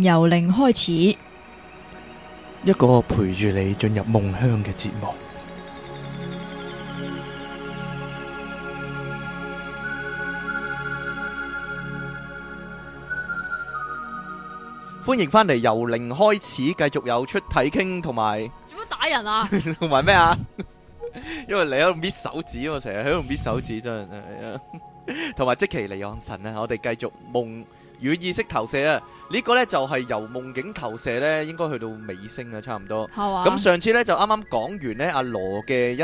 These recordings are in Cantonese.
由零開始，一個陪住你進入夢鄉嘅節目。歡迎翻嚟，由零開始，繼續有出體傾同埋。做乜打人啊？同埋咩啊？因為你喺度搣手指啊嘛，成日喺度搣手指真係啊！同埋即其嚟養神啊，我哋繼續夢。與意識投射啊，呢個呢就係由夢境投射呢，應該去到尾聲啦，差唔多。咁 上次呢就啱啱講完呢阿羅嘅一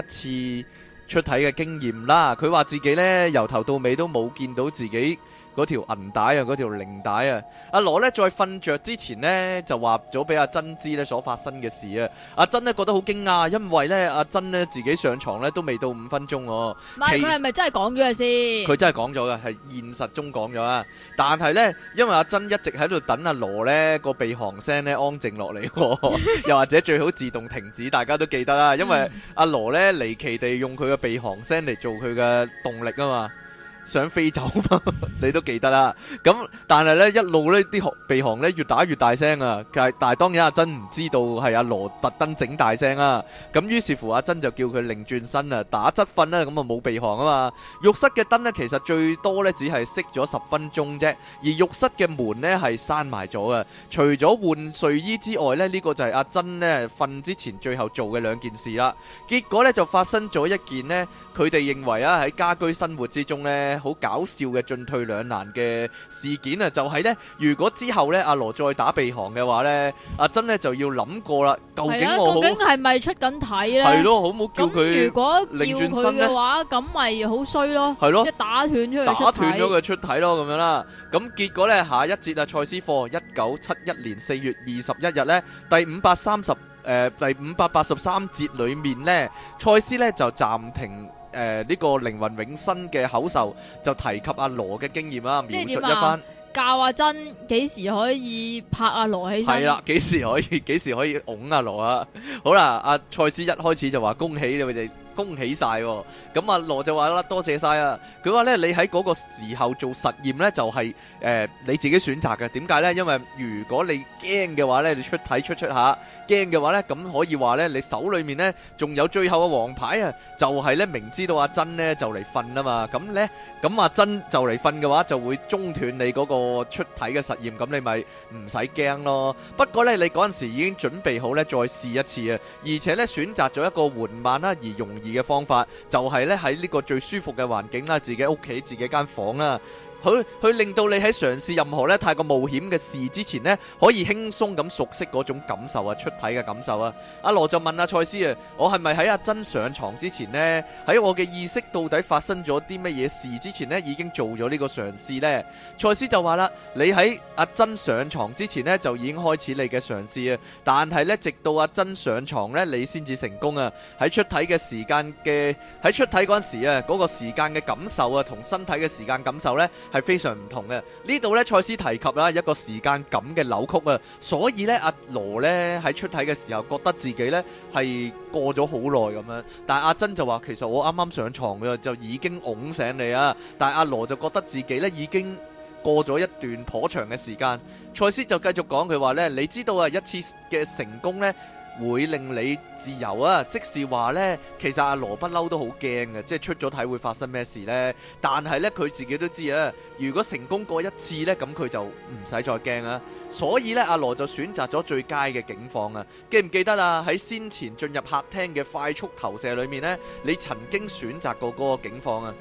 次出體嘅經驗啦，佢話自己呢由頭到尾都冇見到自己。嗰條銀帶啊，嗰條鈴帶啊，阿羅咧在瞓着之前呢，就話咗俾阿珍知咧所發生嘅事啊，阿珍呢覺得好驚訝，因為咧阿珍呢自己上床咧都未到五分鐘喎、哦，唔係佢係咪真係講咗嘅先？佢真係講咗嘅，係現實中講咗啊！但係呢，因為阿珍一直喺度等阿羅呢個鼻鼾聲咧安靜落嚟， 又或者最好自動停止，大家都記得啦，因為阿羅呢離奇地用佢嘅鼻鼾聲嚟做佢嘅動力啊嘛～想飛走 你都記得啦。咁但係呢，一路呢啲鼻鼾咧越打越大聲啊！但係當然阿珍唔知道係阿羅特登整大聲啊。咁於是乎阿珍就叫佢擰轉身啊，打側瞓啦。咁啊冇鼻鼾啊嘛。浴室嘅燈呢，其實最多呢，只係熄咗十分鐘啫，而浴室嘅門呢，係閂埋咗嘅。除咗換睡衣之外呢，呢、呢個就係阿珍呢瞓之前最後做嘅兩件事啦。結果呢，就發生咗一件呢，佢哋認為啊喺家居生活之中呢，好搞笑嘅進退兩難嘅事件啊！就係、是、呢。如果之後呢，阿羅再打鼻鼾嘅話、啊、呢，阿珍呢就要諗過啦，究竟我究竟係咪出緊體咧？係咯，好唔好叫佢？如果叫佢嘅話，咁咪好衰咯？係咯的，一打斷出去出，打斷咗佢出體咯，咁樣啦。咁結果呢，下一節啊，賽斯課一九七一年四月二十一日呢，第五百三十誒第五百八十三節裏面呢，賽斯呢就暫停。誒，呢、呃這個靈魂永生嘅口授就提及阿羅嘅經驗啦、啊，描述一番、啊、教阿、啊、真幾時可以拍阿、啊、羅起身，係啦，幾時可以幾時可以拱阿羅啊？ 好啦，阿塞斯一開始就話恭喜你哋。恭喜晒喎！咁阿羅就話啦，多謝晒啊！佢話咧，你喺嗰個時候做實驗呢，就係、是、誒、呃、你自己選擇嘅。點解呢？因為如果你驚嘅話呢，你出體出出下驚嘅話呢，咁可以話呢，你手裏面呢，仲有最後嘅黃牌啊！就係、是、呢，明知道阿珍呢就嚟瞓啊嘛！咁呢，咁阿珍就嚟瞓嘅話，就會中斷你嗰個出體嘅實驗。咁你咪唔使驚咯。不過呢，你嗰陣時已經準備好呢，再試一次啊！而且呢，選擇咗一個緩慢啦，而用。而嘅方法就係咧喺呢個最舒服嘅環境啦，自己屋企自己間房啦。佢佢令到你喺嘗試任何咧太過冒險嘅事之前咧，可以輕鬆咁熟悉嗰種感受啊，出體嘅感受啊。阿羅就問阿蔡思啊：「我係咪喺阿珍上床之前呢？喺我嘅意識到底發生咗啲乜嘢事之前呢？已經做咗呢個嘗試呢？」蔡思就話啦：「你喺阿珍上床之前呢，就已經開始你嘅嘗試啊。但係呢，直到阿珍上床呢，你先至成功啊。喺出體嘅時間嘅喺出體嗰陣時啊，嗰個時間嘅感受啊，同身體嘅時間感，感受呢。」係非常唔同嘅。呢度呢，賽斯提及啦一個時間咁嘅扭曲啊，所以呢，阿羅呢喺出體嘅時候，覺得自己呢係過咗好耐咁樣，但係阿珍就話，其實我啱啱上床嘅就已經㧬醒你啊，但係阿羅就覺得自己呢已經過咗一段頗長嘅時間，賽斯就繼續講，佢話呢，你知道啊，一次嘅成功呢，會令你自由啊！即係話呢，其實阿羅不嬲都好驚嘅，即係出咗體會發生咩事呢？但係呢，佢自己都知啊。如果成功過一次呢，咁佢就唔使再驚啦。所以呢，阿羅就選擇咗最佳嘅景況啊。記唔記得啊？喺先前進入客廳嘅快速投射裏面呢，你曾經選擇過嗰個景況啊？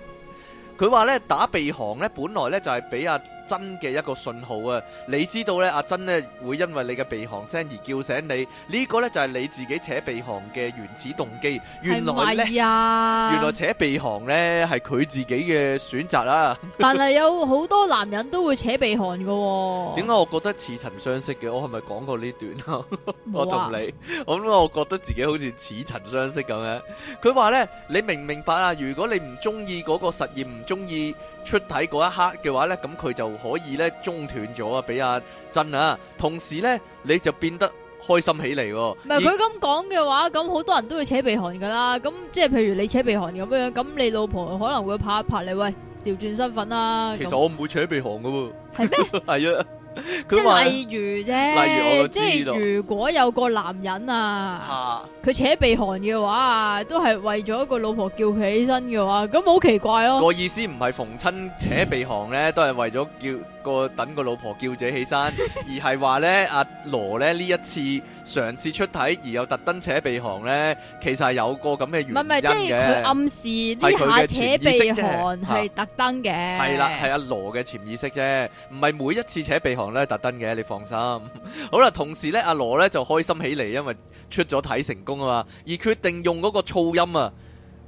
佢話呢，打鼻鼾呢，本來呢就係俾阿。真嘅一個信號啊！你知道咧，阿珍呢會因為你嘅鼻鼾聲而叫醒你，呢、這個呢，就係、是、你自己扯鼻鼾嘅原始動機。原來咧，是是啊、原來扯鼻鼾呢係佢自己嘅選擇啦、啊。 但係有好多男人都會扯鼻鼾噶。點解我覺得似曾相識嘅？我係咪講過呢段啊？ 我同你，咁哇我覺得自己好似似曾相識咁樣。佢話呢：「你明唔明白啊？如果你唔中意嗰個實驗，唔中意。出體嗰一刻嘅話咧，咁佢就可以咧中斷咗啊，俾阿珍啊，同時咧你就變得開心起嚟。唔係佢咁講嘅話，咁好多人都會扯鼻鼾噶啦。咁即係譬如你扯鼻鼾咁樣樣，咁你老婆可能會拍一拍你，喂，調轉身份啊！其實我唔會扯鼻鼾噶喎。係咩？係啊。 說即係例如啫，即係如果有個男人啊，佢、啊、扯鼻鼾嘅話啊，都係為咗個老婆叫佢起身嘅話，咁好奇怪咯、哦。個意思唔係逢親扯鼻鼾咧， 都係為咗叫。個等個老婆叫自己起身，而係話咧阿羅咧呢、， 啊、羅呢一次嘗試出體，而又特登扯鼻鼾咧，其實係有個咁嘅原因。唔係，即係佢暗示呢下扯鼻鼾係特登嘅。係啦、啊，係阿羅嘅潛意識啫，唔係每一次扯鼻鼾咧特登嘅，你放心。 好啦，同時咧阿羅咧就開心起嚟，因為出咗體成功啊嘛，而決定用嗰個噪音啊。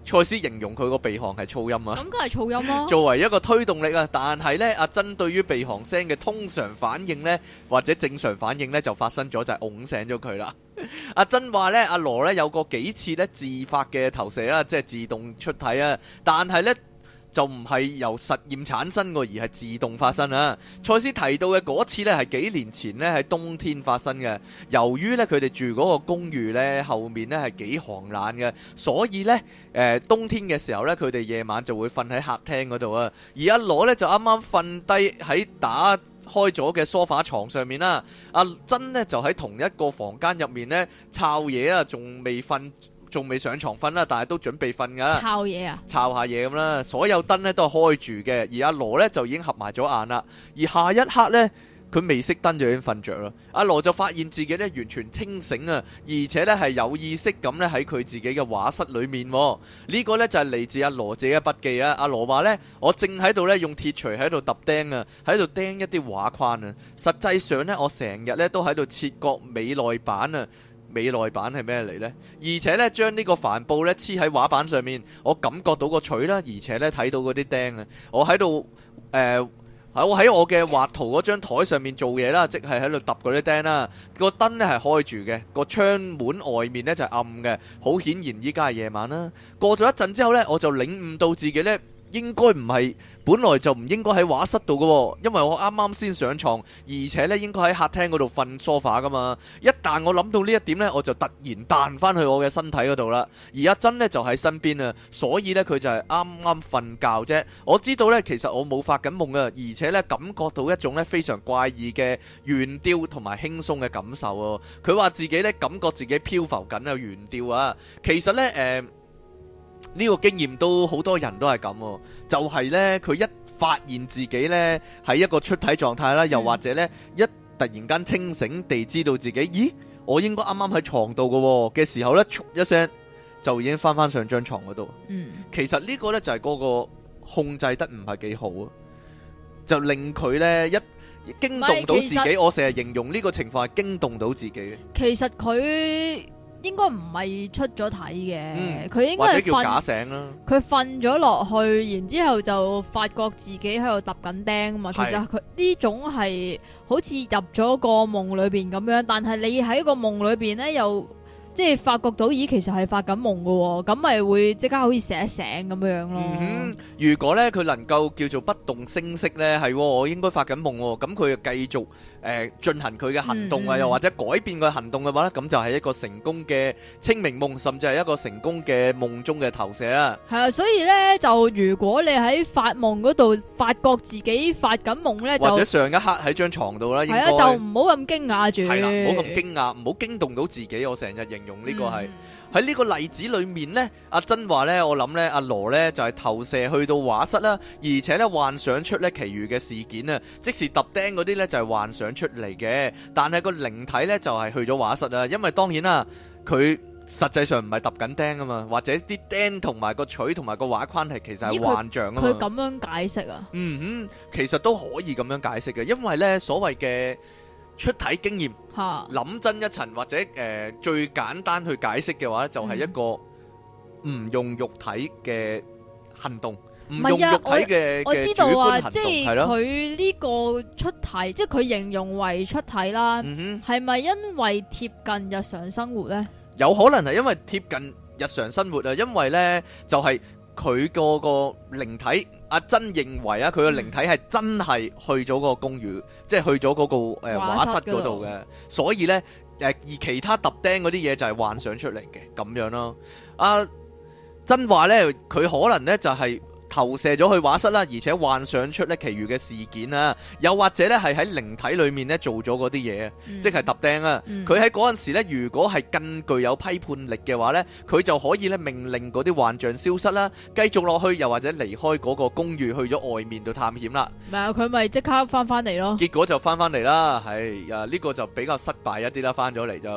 蔡司形容佢個鼻鼾係噪音啊！咁梗係噪音咯。作為一個推動力啊，但係咧，阿、啊、珍對於鼻鼾聲嘅通常反應咧，或者正常反應咧，就發生咗就係、是、拱醒咗佢啦。阿珍話咧，阿羅咧有過幾次咧自發嘅投射啊，即係自動出體啊，但係咧，就唔係由實驗產生個，而係自動發生啊！蔡司提到嘅嗰次呢，係幾年前呢，係冬天發生嘅。由於呢，佢哋住嗰個公寓呢，後面呢係幾寒冷嘅，所以呢，冬天嘅時候呢，佢哋夜晚就會瞓喺客廳嗰度啊。而一攞呢，就啱啱瞓低喺打開咗嘅梳化床上面啦。阿珍呢，就喺同一個房間入面呢，摷嘢啊，仲未瞓。仲未上床瞓啦，但係都準備瞓噶，抄嘢啊，抄下嘢咁啦。所有燈呢都係開住嘅，而阿羅呢就已經合埋咗眼啦。而下一刻呢，佢未熄燈就已經瞓着啦。阿羅就發現自己呢完全清醒啊，而且呢係有意識咁呢喺佢自己嘅畫室裏面、啊。呢、這個呢就係、是、嚟自阿羅自己嘅筆記啊。阿羅話呢，我正喺度呢用鐵錘喺度揼釘啊，喺度釘一啲畫框啊。實際上呢，我成日呢都喺度切割美內版啊。美內版係咩嚟呢？而且呢，將呢個帆布呢黐喺畫板上面，我感覺到個錘啦，而且呢，睇到嗰啲釘啊，我喺度誒，呃、我喺我嘅畫圖嗰張台上面做嘢啦，即係喺度揼嗰啲釘啦。個燈呢係開住嘅，個窗門外面呢就係暗嘅，好顯然依家係夜晚啦。過咗一陣之後呢，我就領悟到自己呢。應該唔係，本來就唔應該喺畫室度嘅，因為我啱啱先上床，而且咧應該喺客廳嗰度瞓梳化㗎嘛。一旦我諗到呢一點呢，我就突然彈翻去我嘅身體嗰度啦。而阿珍呢就喺身邊啊，所以呢，佢就係啱啱瞓覺啫。我知道呢，其實我冇發緊夢啊，而且呢感覺到一種咧非常怪異嘅懸吊同埋輕鬆嘅感受啊。佢話自己呢感覺自己漂浮緊啊，懸吊啊。其實呢。誒、呃。呢個經驗都好多人都係咁喎，就係咧佢一發現自己咧喺一個出體狀態啦，又或者咧一突然間清醒地知道自己，咦，我應該啱啱喺牀度嘅喎嘅時候咧，喐一聲就已經翻翻上張牀嗰度。嗯，其實呢個咧就係嗰個控制得唔係幾好啊，就令佢咧一驚動到自己。我成日形容呢個情況係驚動到自己。其實佢。應該唔係出咗體嘅，佢、嗯、應該係瞓。佢瞓咗落去，然之後就發覺自己喺度揼緊釘啊嘛。其實佢呢種係好似入咗個夢裏邊咁樣，但係你喺個夢裏邊咧又。即係發覺到，咦，其實係發緊夢嘅喎，咁咪會即刻好似醒一醒咁樣樣咯。如果咧佢能夠叫做不動聲色咧，係我應該發緊夢喎，咁佢繼續誒進行佢嘅行動啊，又或者改變佢行動嘅話咧，咁就係一個成功嘅清明夢，甚至係一個成功嘅夢中嘅投射啊。係啊，所以咧就如果你喺發夢嗰度發覺自己發緊夢咧，就或者上一刻喺張牀度啦，係啊，就唔好咁驚訝住，係啦，唔好咁驚訝，唔好驚動到自己。我成日認。用呢、嗯、個係喺呢個例子裏面呢，阿珍話呢，我諗呢，阿羅呢就係、是、投射去到畫室啦，而且咧幻想出呢，其餘嘅事件啊，即時揼釘嗰啲呢，就係、是、幻想出嚟嘅，但係個靈體呢，就係、是、去咗畫室啦，因為當然啦，佢實際上唔係揼緊釘啊嘛，或者啲釘同埋個錘同埋個畫框係其實係幻象啊嘛，佢咁樣解釋啊，嗯哼，其實都可以咁樣解釋嘅，因為呢，所謂嘅。出體經驗，諗哈真一層或者誒、呃，最簡單去解釋嘅話咧，就係、是、一個唔用肉體嘅行動，唔、嗯、用肉體嘅、嘅、啊啊、我知道啊、主觀行動，係佢呢個出體即係佢形容為出體啦，係咪、嗯、哼因為貼近日常生活咧？有可能係因為貼近日常生活啊，因為咧就係、是。佢個個靈體，阿、啊、珍認為啊，佢個靈體係真係去咗個公寓，即係去咗嗰、那個誒、呃、畫室嗰度嘅，所以咧誒、呃、而其他特釘嗰啲嘢就係幻想出嚟嘅咁樣咯。阿珍話咧，佢可能咧就係、是。投射咗去畫室啦，而且幻想出咧，其餘嘅事件啊，又或者咧係喺靈體裏面咧做咗啲嘢，嗯、即係揼釘啊！佢喺陣時咧，如果係更具有批判力嘅話咧，佢就可以咧命令啲幻象消失啦。繼續落去，又或者離開個公寓去咗外面度探險啦。唔係啊，佢咪即刻翻翻嚟咯？結果就翻翻嚟啦，係啊，呢、這個就比較失敗一啲啦。翻咗嚟就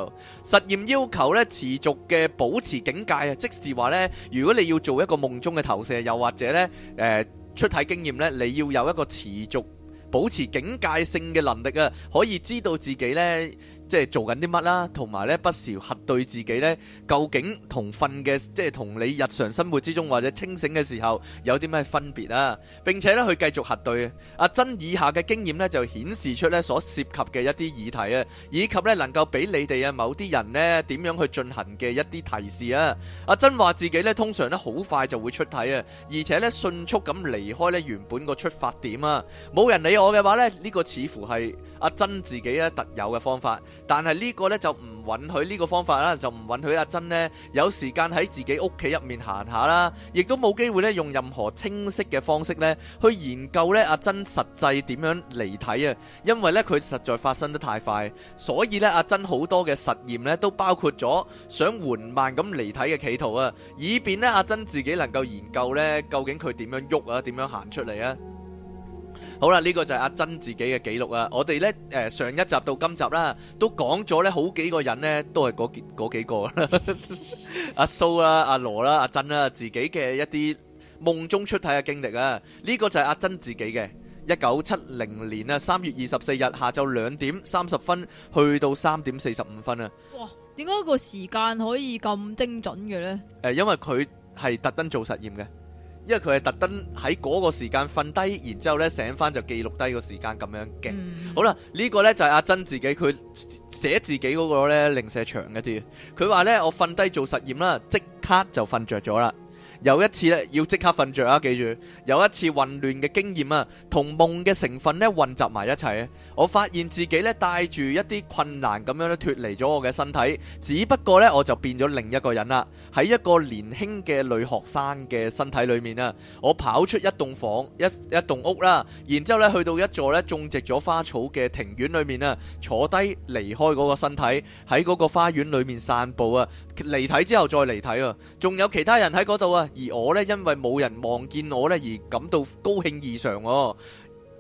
實驗要求咧持續嘅保持警戒啊，即是話咧，如果你要做一個夢中嘅投射，又或者咧。咧，誒出體經驗咧，你要有一個持續保持警戒性嘅能力啊，可以知道自己咧。即係做緊啲乜啦，同埋咧不時核對自己咧，究竟同瞓嘅，即係同你日常生活之中或者清醒嘅時候有啲咩分別啊？並且咧去繼續核對。阿珍以下嘅經驗咧，就顯示出咧所涉及嘅一啲議題啊，以及咧能夠俾你哋啊某啲人呢點樣去進行嘅一啲提示啊。阿珍話自己咧通常咧好快就會出體啊，而且咧迅速咁離開咧原本個出發點啊。冇人理我嘅話咧，呢個似乎係阿珍自己咧特有嘅方法。但係呢個呢，就唔允許呢個方法啦，就唔允許阿珍呢，有時間喺自己屋企入面行下啦，亦都冇機會呢，用任何清晰嘅方式呢，去研究呢阿珍實際點樣離體啊，因為呢，佢實在發生得太快，所以呢阿珍好多嘅實驗呢，都包括咗想緩慢咁離體嘅企圖啊，以便呢阿珍自己能夠研究呢，究竟佢點樣喐啊，點樣行出嚟啊。好啦，呢、這個就係阿珍自己嘅記錄啊！我哋呢，誒、呃，上一集到今集啦，都講咗呢好幾個人呢，都係嗰幾嗰幾個啦 阿蘇啦、啊，阿羅啦、啊，阿珍啦、啊，自己嘅一啲夢中出體嘅經歷啊！呢、這個就係阿珍自己嘅，一九七零年啊，三月二十四日下晝兩點三十分去到三點四十五分啊！哇，點解個時間可以咁精準嘅呢？誒、呃，因為佢係特登做實驗嘅。因為佢係特登喺嗰個時間瞓低，然之後咧醒翻就記錄低個時間咁樣嘅。嗯、好啦，呢、呢個咧就係阿珍自己佢寫自己嗰個咧零舍長一啲。佢話咧我瞓低做實驗啦，即刻就瞓着咗啦。有一次咧，要即刻瞓着啊，記住，有一次混亂嘅經驗啊，同夢嘅成分咧混雜埋一齊啊！我發現自己咧帶住一啲困難咁樣咧脫離咗我嘅身體，只不過咧我就變咗另一個人啦。喺一個年輕嘅女學生嘅身體裏面啊，我跑出一棟房一一棟屋啦，然之後咧去到一座咧種植咗花草嘅庭院裏面啊，坐低離開個身體，喺嗰花園裏面散步啊，離體之後再離體啊，仲有其他人喺度啊。而我咧，因為冇人望見我咧，而感到高興異常，哦，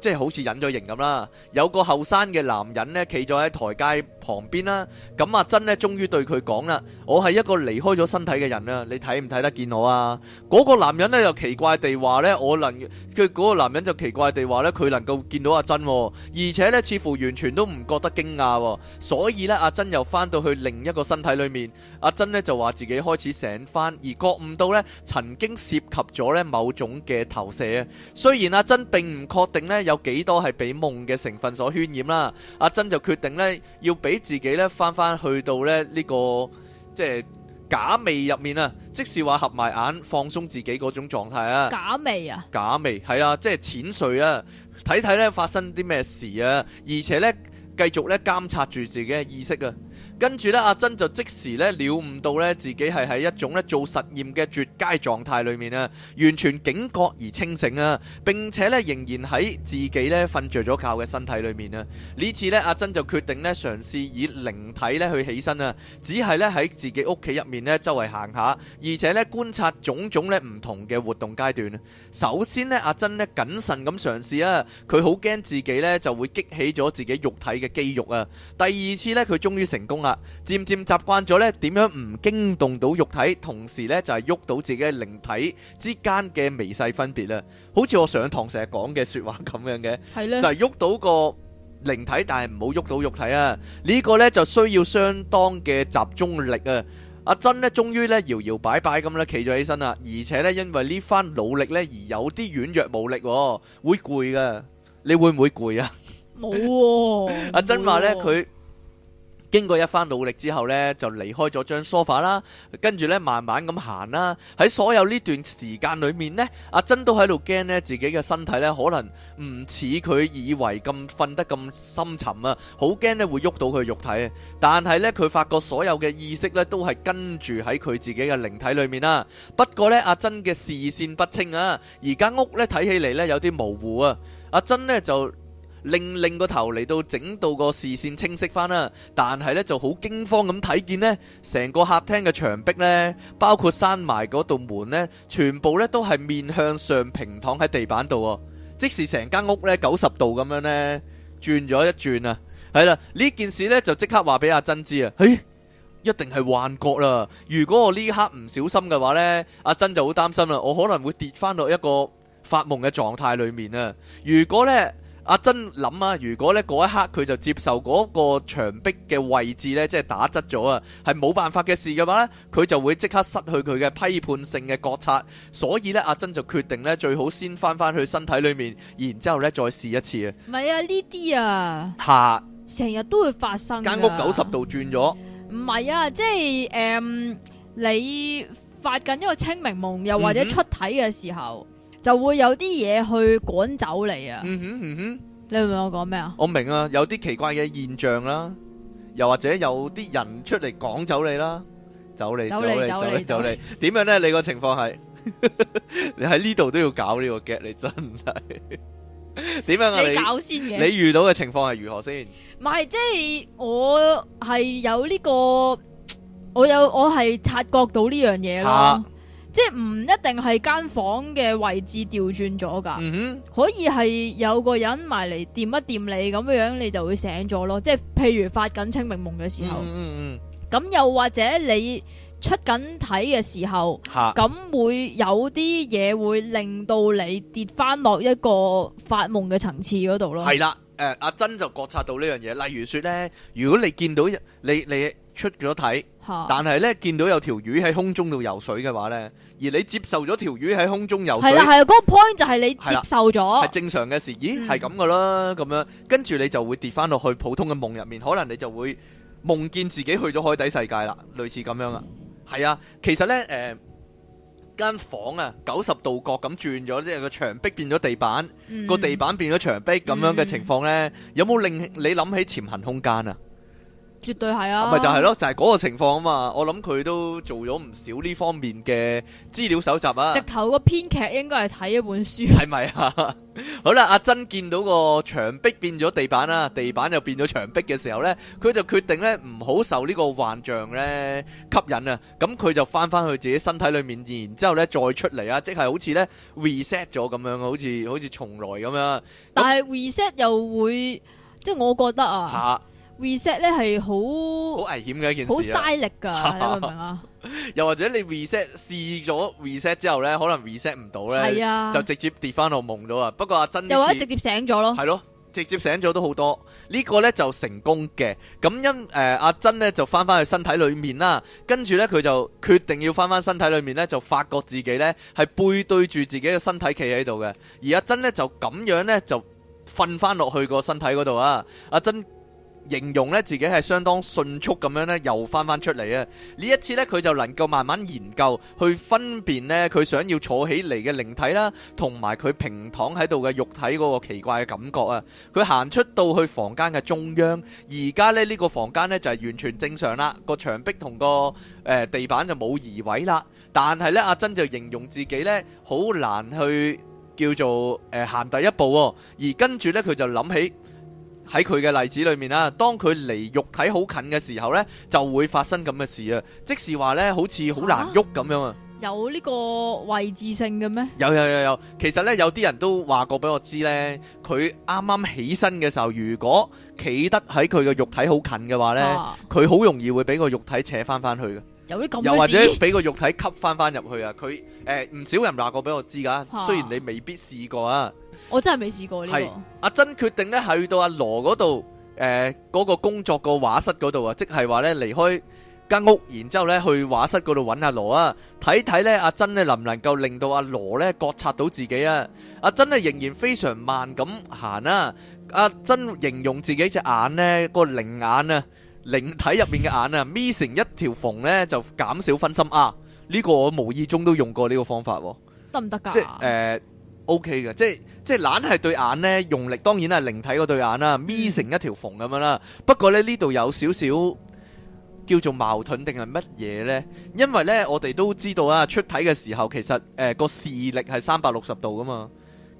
即係好似隱咗形咁啦。有個後生嘅男人咧，企咗喺台階旁邊啦，咁阿珍呢終於對佢講啦，我係一個離開咗身體嘅人啦，你睇唔睇得見我啊？嗰、那個男人呢又奇怪地話呢，我能，佢、那、嗰個男人就奇怪地話呢，佢能夠見到阿珍、啊，而且呢，似乎完全都唔覺得驚訝、啊。所以呢，阿珍又翻到去另一個身體裏面。阿珍呢就話自己開始醒翻，而覺悟到呢曾經涉及咗呢某種嘅投射。雖然阿珍並唔確定呢有幾多係俾夢嘅成分所渲染啦、啊，阿珍就決定呢要俾。自己咧翻翻去到咧、這、呢個即係假寐入面是味啊，即係話合埋眼放鬆自己嗰種狀態啊，假寐啊，假寐係啊，即係淺睡啊，睇睇咧發生啲咩事啊，而且咧繼續咧監察住自己嘅意識啊。跟住咧，阿珍就即時咧了悟到咧自己係喺一種咧做實驗嘅絕佳狀態裏面啊，完全警覺而清醒啊！並且咧仍然喺自己咧瞓着咗覺嘅身體裏面啊！呢次咧，阿珍就決定咧嘗試以靈體咧去起身啊！只係咧喺自己屋企入面咧周圍行下，而且咧觀察種種咧唔同嘅活動階段。首先咧，阿珍咧謹慎咁嘗試啊！佢好驚自己咧就會激起咗自己肉體嘅肌肉啊！第二次咧，佢終於成功啊！漸漸習慣咗咧，點樣唔驚動到肉體，同時咧就係喐到自己嘅靈體之間嘅微細分別啊。好似我上堂成日講嘅說話咁樣嘅，係咧？就係喐到個靈體，但係唔好喐到肉體啊。呢個咧就需要相當嘅集中力啊。阿珍咧終於咧搖搖擺擺咁咧企咗起身啦，而且咧因為呢番努力咧而有啲軟弱無力，會攰噶。你會唔會攰啊？冇喎。阿珍話咧佢。經過一番努力之後呢，就離開咗張梳化啦，跟住呢，慢慢咁行啦。喺所有呢段時間裏面呢，阿珍都喺度驚呢，自己嘅身體呢，可能唔似佢以為咁瞓得咁深沉啊，好驚呢會喐到佢肉體啊。但係呢，佢發覺所有嘅意識呢，都係跟住喺佢自己嘅靈體裏面啦。不過呢，阿珍嘅視線不清啊，而間屋呢，睇起嚟呢，有啲模糊啊。阿珍呢，就。令令個頭嚟到整到個視線清晰翻啦，但係呢就好驚慌咁睇見呢成個客廳嘅牆壁呢，包括閂埋嗰道門呢，全部呢都係面向上平躺喺地板度，即使成間屋呢九十度咁樣呢，轉咗一轉啊，係啦，呢件事呢就即刻話俾阿珍知啊，嘿、哎，一定係幻覺啦！如果我呢刻唔小心嘅話呢，阿珍就好擔心啦，我可能會跌翻落一個發夢嘅狀態裏面啊！如果呢。阿珍諗啊，如果咧嗰一刻佢就接受嗰個牆壁嘅位置咧，即係打側咗啊，係冇辦法嘅事嘅話咧，佢就會即刻失去佢嘅批判性嘅覺察。所以咧，阿珍就決定咧，最好先返返去身體裏面，然之後咧再試一次啊。唔係啊，呢啲啊吓，成日都會發生。間屋九十度轉咗。唔係啊，即係誒、嗯，你發緊一個清明夢，又或者出體嘅時候。嗯就會有啲嘢去趕走你啊！嗯哼嗯哼，嗯哼，你明唔明我講咩啊？我明啊，有啲奇怪嘅現象啦，又或者有啲人出嚟趕走你啦，走你走你走你，走你，點樣咧？你個情況係 你喺呢度都要搞呢個 get 你真係？點 樣啊呢？你搞先嘅，你遇到嘅情況係如何先？唔係，即係我係有呢、呢個，我有我係察覺到呢樣嘢咯。啊即係唔一定係間房嘅位置調轉咗噶，嗯、哼可以係有個人埋嚟掂一掂你咁樣你就會醒咗咯。即係譬如發緊清明夢嘅時候，咁、嗯嗯嗯、又或者你出緊體嘅時候，咁哈會有啲嘢會令到你跌翻落一個發夢嘅層次嗰度咯。係啦。Uh, 阿珍就覺察到呢樣嘢，例如說呢：如果你見到你你出咗體，但係呢見到有條魚喺空中度游水嘅話呢，而你接受咗條魚喺空中游水，係啦係啊，嗰、嗰個 point 就係你接受咗，係正常嘅事。咦，係咁噶啦，咁樣跟住你就會跌翻落去普通嘅夢入面，可能你就會夢見自己去咗海底世界啦，類似咁樣啊。係啊，其實呢。誒、呃。間房啊，九十度角咁轉咗，即係個牆壁變咗地板，個、嗯、地板變咗牆壁咁樣嘅情況咧，嗯、有冇令你諗起潛行空間啊？絕對係啊，咪 就係咯，就係、是、嗰個情況啊嘛。我諗佢都做咗唔少呢方面嘅資料搜集啊。直頭個編劇應該係睇一本書，係咪 啊？ 好啦，阿珍見到個牆壁變咗地板啦、啊，地板又變咗牆壁嘅時候咧，佢就決定咧唔好受呢個幻象咧吸引啊。咁佢就翻翻去自己身體裏面，然之後咧再出嚟啊，即係好似咧 reset 咗咁樣，好似好似重來咁樣。 但係 reset 又會，即、就、係、是、我覺得啊。 reset 咧係好好危險嘅一件事，好嘥力噶，你明唔明啊？又或者你 reset 試咗 reset 之後咧，可能 reset 唔到咧，就直接跌翻落夢咗啊！不過阿珍又或者直接醒咗咯，係咯，直接醒咗都好多。呢個咧就成功嘅。咁因誒阿珍咧就翻翻去身體裏面啦，跟住咧佢就決定要翻翻身體裏面咧，就發覺自己咧係背對住自己嘅身體企喺度嘅。而阿珍咧就咁樣咧就瞓翻落去個身體嗰度啊！阿珍。形容咧自己係相當迅速咁樣咧，又翻翻出嚟啊！呢一次咧，佢就能夠慢慢研究，去分辨咧佢想要坐起嚟嘅靈體啦，同埋佢平躺喺度嘅肉體嗰個奇怪嘅感覺啊！佢行出到去房間嘅中央，而家咧呢個房間咧就係完全正常啦，個牆壁同個誒地板就冇移位啦。但係咧，阿珍就形容自己咧好難去叫做誒行第一步，而跟住咧佢就諗起。喺佢嘅例子裏面啦，當佢離肉體好近嘅時候呢，就會發生咁嘅事啊！即是話呢，好似好難喐咁樣啊！有呢個位置性嘅咩？有有有有，其實呢，有啲人都話過俾我知呢，佢啱啱起身嘅時候，如果企得喺佢嘅肉體好近嘅話呢，佢好、啊、容易會俾個肉體扯翻翻去嘅。有啲咁，又或者俾個肉體吸翻翻入去啊！佢誒，唔、呃、少人話過俾我知噶，雖然你未必試過啊。啊啊我真係未試過呢個。係，阿珍決定咧去到阿羅嗰度，誒、呃，嗰、嗰個工作個畫室嗰度啊，即係話咧離開間屋，然之後咧去畫室嗰度揾阿羅啊，睇睇咧阿珍咧能唔能夠令到阿羅咧覺察到自己啊？阿珍咧仍然非常慢咁行啊！阿珍形容自己隻眼咧、個靈眼啊，靈體入面嘅眼啊，眯成 一條縫咧就減少分心啊！呢、呢個我無意中都用過呢個方法，得唔得噶？行行即係誒。呃 O K 嘅，即係即係懶係對眼呢，用力當然係靈體嗰對眼啦、啊，眯成一條縫咁樣啦、啊。不過咧呢度有少少叫做矛盾定係乜嘢呢？因為呢，我哋都知道啊，出體嘅時候其實誒個、呃、視力係三百六十度噶嘛，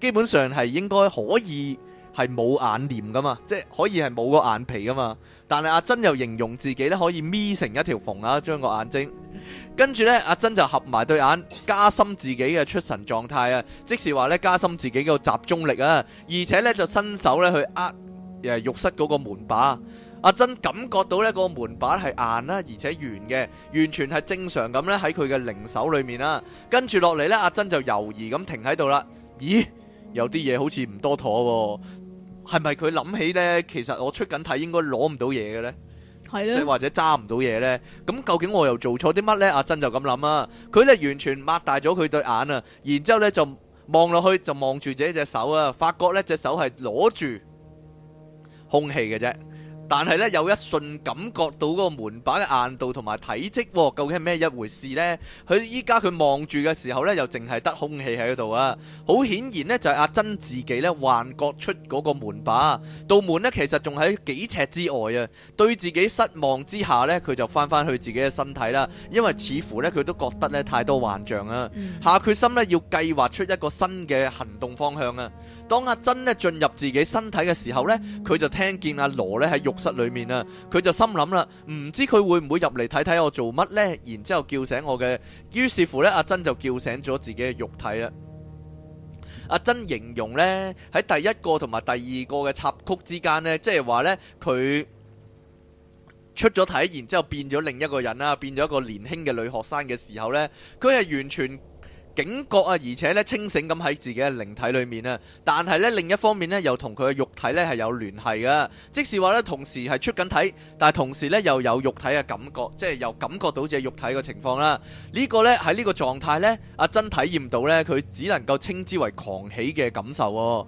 基本上係應該可以。係冇眼簾噶嘛，即係可以係冇個眼皮噶嘛。但係阿珍又形容自己呢，可以眯成一條縫啊，將個眼睛。跟住呢。阿珍就合埋對眼，加深自己嘅出神狀態啊。即係話呢，加深自己嘅集中力啊。而且呢，就伸手呢去呃誒浴室嗰個門把。阿珍感覺到呢、個門把係硬啦、啊，而且圓嘅，完全係正常咁呢。喺佢嘅靈手裏面啦、啊。跟住落嚟呢，阿珍就猶豫咁停喺度啦。咦，有啲嘢好似唔多妥喎、啊。係咪佢諗起咧？其實我出緊體應該攞唔到嘢嘅咧，即係啊，或者揸唔到嘢咧。咁究竟我又做錯啲乜咧？阿珍就咁諗啊。佢咧完全擘大咗佢對眼啊，然之後咧就望落去就望住自己隻手啊，發覺咧隻手係攞住空氣嘅啫。但係咧有一瞬感覺到嗰個門把嘅硬度同埋體積，究竟係咩一回事呢？佢依家佢望住嘅時候咧，又淨係得空氣喺度啊！好顯然呢，就係阿珍自己咧幻覺出嗰個門把，道門呢，其實仲喺幾尺之外啊！對自己失望之下呢，佢就返返去自己嘅身體啦，因為似乎呢，佢都覺得呢太多幻象啊！下決心呢，要計劃出一個新嘅行動方向啊！當阿珍呢進入自己身體嘅時候呢，佢就聽見阿羅呢喺肉。室裏面啊，佢就心諗啦，唔知佢會唔會入嚟睇睇我做乜呢？然之後叫醒我嘅，於是乎咧，阿珍就叫醒咗自己嘅肉體啦。阿珍形容呢，喺第一個同埋第二個嘅插曲之間呢，即係話呢，佢出咗體，然之後變咗另一個人啦，變咗一個年輕嘅女學生嘅時候呢，佢係完全。警覺啊，而且咧清醒，咁喺自己嘅靈體裏面啊，但係咧另一方面咧又同佢嘅肉體咧係有聯繫嘅，即使話咧同時係出緊體，但係同時咧又有肉體嘅感覺，即係又感覺到自己肉體嘅情況啦。這個、呢個咧喺呢個狀態咧，阿珍體驗到咧佢只能夠稱之為狂喜嘅感受，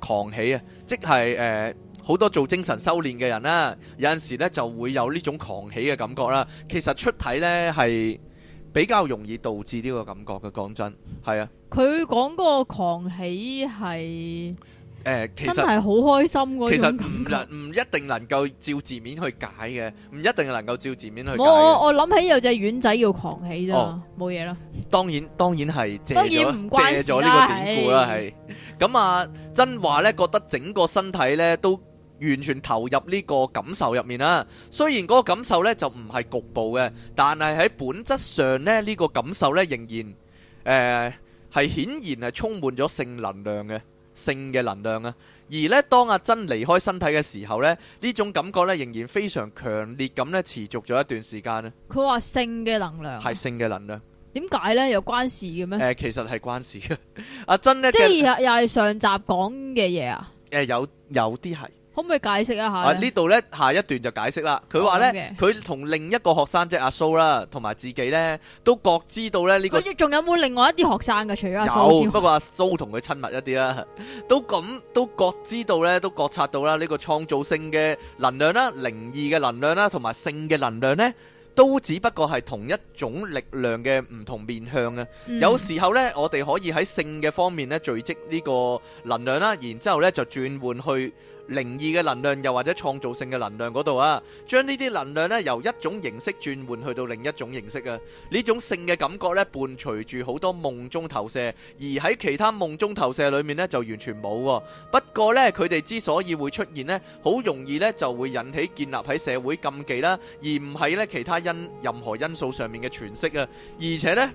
狂喜啊，即係誒好多做精神修煉嘅人啦，有陣時咧就會有呢種狂喜嘅感覺啦。其實出體咧係。比較容易導致呢個感覺嘅，講真係啊。佢講嗰個狂喜係誒，其實真係好開心嗰種感覺。其實唔能唔一定能夠照字面去解嘅，唔一定能夠照字面去解。我我諗起有隻丸仔要狂喜啫，冇嘢啦。當然當然係借，當然唔關。借咗呢個典故啦，咁啊，啊，啊，真話咧覺得整個身體咧都。完全投入呢個感受入面啦。雖然嗰個感受呢就唔係局部嘅，但係喺本質上呢，呢、這個感受呢仍然誒係顯然係充滿咗性能量嘅性嘅能量啊。而呢當阿珍離開身體嘅時候呢，呢種感覺呢仍然非常強烈咁咧，持續咗一段時間咧、啊。佢話性嘅能量係性嘅能量，點解呢？有關事嘅咩？誒、呃，其實係關事嘅。 阿珍呢，即係是的又又係上集講嘅嘢啊？誒、啊，有有啲係。可唔可以解釋一下呢？啊，呢度呢，下一段就解釋啦。佢話呢，佢同另一個學生即係阿蘇啦，同埋自己呢，都覺知道呢。呢個。佢仲有冇另外一啲學生噶？除咗阿蘇，不過阿蘇同佢親密一啲啦，都咁都覺知道呢，都覺察到啦。呢個創造性嘅能量啦、靈異嘅能量啦，同埋性嘅能量呢，都只不過係同一種力量嘅唔同面向啊。嗯、有時候呢，我哋可以喺性嘅方面呢，聚積呢個能量啦，然之後咧就轉換去。靈異嘅能量，又或者創造性嘅能量嗰度啊，將呢啲能量呢由一種形式轉換去到另一種形式啊！呢種性嘅感覺呢，伴隨住好多夢中投射，而喺其他夢中投射裡面呢，就完全冇。不過呢，佢哋之所以會出現呢，好容易呢就會引起建立喺社會禁忌啦，而唔係呢其他因任何因素上面嘅詮釋啊，而且呢。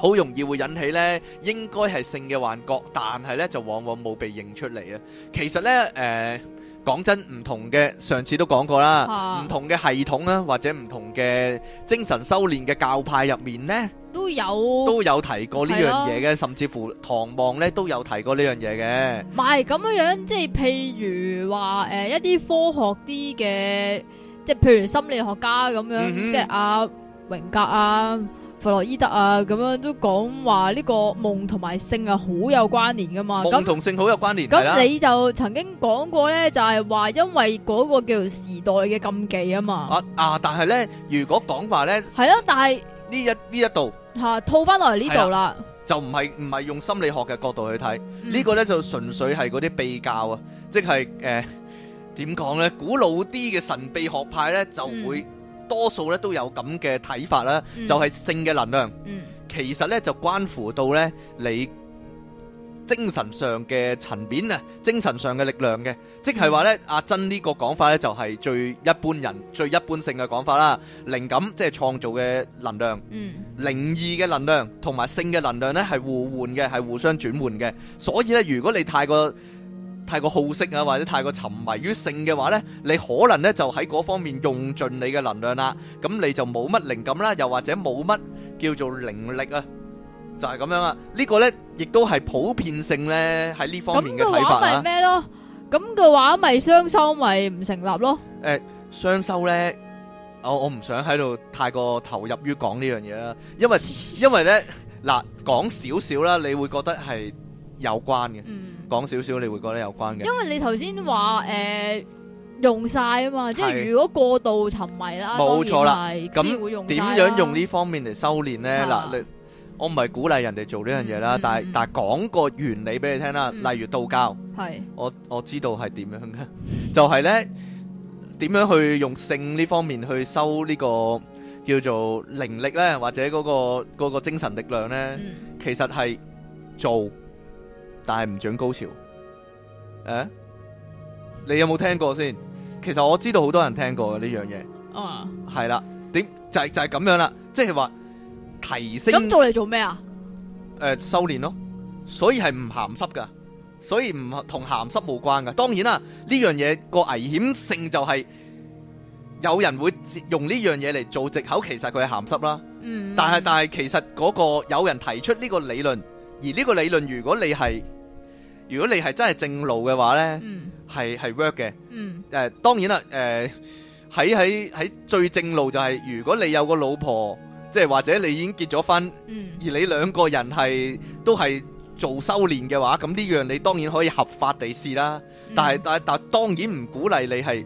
好容易會引起呢，應該係性嘅幻覺，但係呢就往往冇被認出嚟啊！其實呢，誒、呃、講真，唔同嘅上次都講過啦，唔、啊、同嘅系統啊，或者唔同嘅精神修煉嘅教派入面呢，都有都有提過呢樣嘢嘅，甚至乎唐望呢都有提過呢樣嘢嘅。唔係咁樣樣，即係譬如話誒、呃、一啲科學啲嘅，即係譬如心理學家咁樣，嗯、哼 即係阿榮格啊。弗洛伊德啊，咁樣都講話呢個夢同埋性啊好有關聯噶嘛？夢同性好有關聯。咁那的你就曾經講過咧，就係、是、話因為嗰個叫做時代嘅禁忌啊嘛。啊啊！但係咧，如果講法咧，係咯，但係呢一呢一度吓、啊，套翻落嚟呢度啦，就唔係唔係用心理學嘅角度去睇呢、嗯、個咧，就純粹係嗰啲秘教啊，即係誒點講咧，古老啲嘅神秘學派咧就會、嗯。多數咧都有咁嘅睇法啦，嗯、就係性嘅能量，嗯、其實咧就關乎到咧你精神上嘅層面啊，精神上嘅力量嘅，即係話咧阿珍呢個講法咧就係最一般人最一般性嘅講法啦，靈感即係、就是、創造嘅能量，嗯、靈異嘅能量同埋性嘅能量咧係互換嘅，係互相轉換嘅，所以咧如果你太過太過好色啊，或者太過沉迷於性嘅話咧，你可能咧就喺嗰方面用盡你嘅能量啦，咁你就冇乜靈感啦，又或者冇乜叫做靈力啊，就係咁樣啊。呢個咧亦都係普遍性咧喺呢方面嘅睇法啦。咁嘅話咪咩咯？咁嘅話咪雙修咪唔成立咯？誒，雙修咧，我我唔想喺度太過投入於講呢樣嘢啦，因為因為咧嗱講少少啦，你會覺得係。有關嘅，講少少你會覺得有關嘅。因為你頭先話誒用晒啊嘛，即係如果過度沉迷啦，冇錯啦，當然係只會用。咁點樣用呢方面嚟修煉咧？嗱，我唔係鼓勵人哋做呢樣嘢啦，但係但係講個原理俾你聽啦。例如道教，我我知道係點樣嘅，就係咧點樣去用性呢方面去修呢個叫做靈力咧，或者嗰個嗰個精神力量咧，其實係做。但係唔准高潮，誒、啊，你有冇聽過先？其實我知道好多人聽過呢、啊就是就是、樣嘢，嗯、就是，係啦，點就係就係咁樣啦，即係話提升咁做嚟做咩啊？誒、呃，修煉咯，所以係唔鹹濕噶，所以唔同鹹濕無關噶。當然啦，呢樣嘢個危險性就係有人會用呢樣嘢嚟做藉口，其實佢係鹹濕啦。嗯，但係但係其實嗰個有人提出呢個理論，而呢個理論如果你係。如果你係真係正路嘅話呢係係、嗯、work 嘅。誒、嗯呃、當然啦，誒喺喺喺最正路就係、係、如果你有個老婆，即係或者你已經結咗婚，嗯、而你兩個人係都係做修練嘅話，咁呢樣你當然可以合法地試啦。嗯、但係但但當然唔鼓勵你係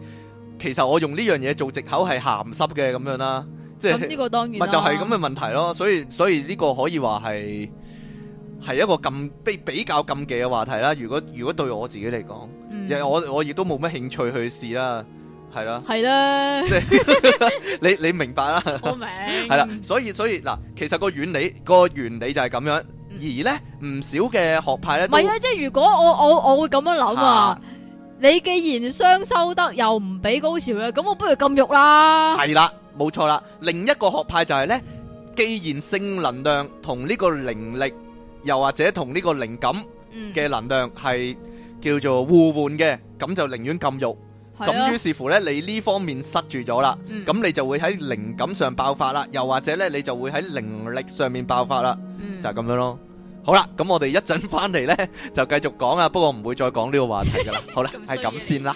其實我用呢樣嘢做藉口係鹹濕嘅咁樣啦，即係呢個當然，就係咁嘅問題咯。所以所以呢個可以話係，係一個禁比比較禁忌嘅話題啦。如果如果對我自己嚟講、嗯，我我亦都冇乜興趣去試啦，係啦，係啦的， 你你明白啦，係啦， 所以所以嗱，其實個原理、個原理就係咁樣，而咧唔少嘅學派咧，唔係啊，即係如果我我我會咁樣諗啊。啊你既然雙修得又唔俾高潮嘅，咁我不如禁欲啦。係啦，冇錯啦。另一個學派就係咧，既然性能量同呢個靈力。又或者同呢個靈感嘅能量係叫做互換嘅，咁、嗯、就寧願禁欲，咁了於是乎呢，你呢方面塞住咗啦，咁、嗯、你就會喺靈感上爆發啦，又或者呢，你就會喺靈力上面爆發啦，嗯、就係咁樣咯。好啦，咁我哋一陣翻嚟呢，就繼續講啊，不過唔會再講呢個話題㗎啦。 好啦，係咁麼先啦。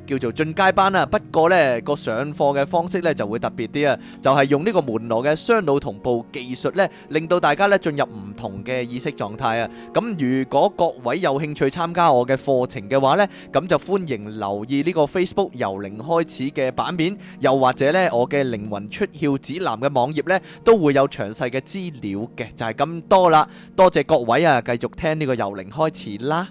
叫做進階班啊，不過呢個上課嘅方式呢就會特別啲啊，就係用呢個門羅嘅雙腦同步技術呢，令到大家呢進入唔同嘅意識狀態啊。咁如果各位有興趣參加我嘅課程嘅話呢，咁就歡迎留意呢個 Facebook 由零開始嘅版面，又或者呢我嘅靈魂出竅指南嘅網頁呢都會有詳細嘅資料嘅，就係咁多啦。多謝各位啊，繼續聽呢個由零開始啦。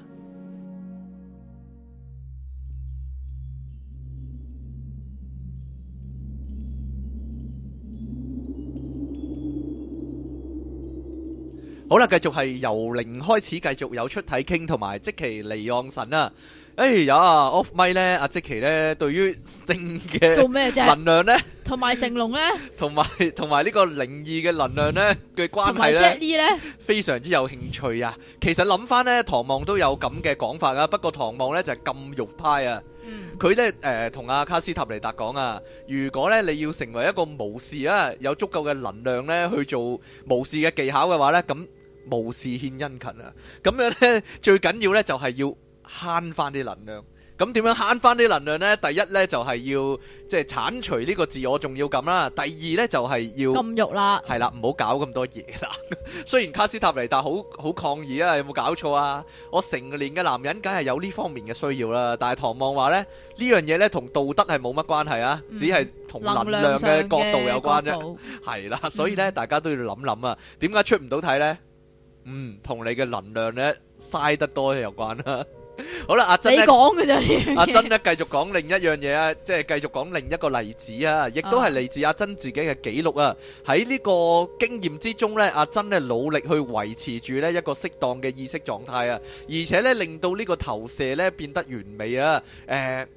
好啦，繼續係由零開始，繼續有出體傾同埋即其離岸神啊！哎呀，off 麥咧，阿即其咧，對於性嘅能量咧，同埋成龍咧，同埋同埋呢個靈異嘅能量咧嘅關係咧，非常之有興趣啊！其實諗翻咧，唐望都有咁嘅講法噶，不過唐望咧就係禁慾派啊。嗯，佢咧誒同阿卡斯塔尼達講啊，如果咧你要成為一個巫師啊，有足夠嘅能量咧去做巫師嘅技巧嘅話咧，咁。無事獻殷勤啊！咁樣咧，最緊要咧就係要慳翻啲能量。咁點樣慳翻啲能量咧？第一咧就係要即係鏟除呢個自我重要感啦。第二咧就係要禁欲啦。係啦，唔好搞咁多嘢啦。雖然卡斯塔尼達，但係好好抗議啊！有冇搞錯啊？我成年嘅男人，梗係有呢方面嘅需要啦。但係唐望話咧，呢樣嘢咧同道德係冇乜關係啊，只係同能量嘅角度有關啫。係啦，所以咧，大家都要諗諗啊，點解出唔到體咧？嗯，同你嘅能量呢，嘥得多有關啦。 好啦，阿珍你講嘅 阿珍呢，繼續講另一樣嘢啊，即係繼續講另一個例子啊，亦都係嚟自阿珍自己嘅記錄啊。喺呢個經驗之中呢，阿珍呢，努力去維持住呢一個適當嘅意識狀態啊，而且呢令到呢個投射呢變得完美啊。誒、呃，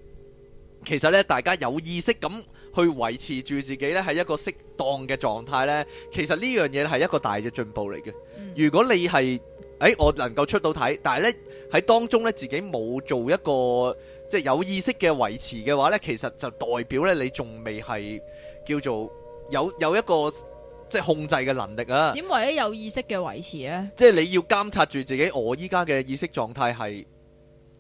其實呢，大家有意識咁。去維持住自己呢，喺一個適當嘅狀態呢，其實呢樣嘢係一個大嘅進步嚟嘅。嗯、如果你係，誒、欸，我能夠出到體，但係呢喺當中呢，自己冇做一個即係有意識嘅維持嘅話呢，其實就代表呢，你仲未係叫做有有一個即係控制嘅能力啊。點為咗有意識嘅維持咧？即係你要監察住自己，我依家嘅意識狀態係，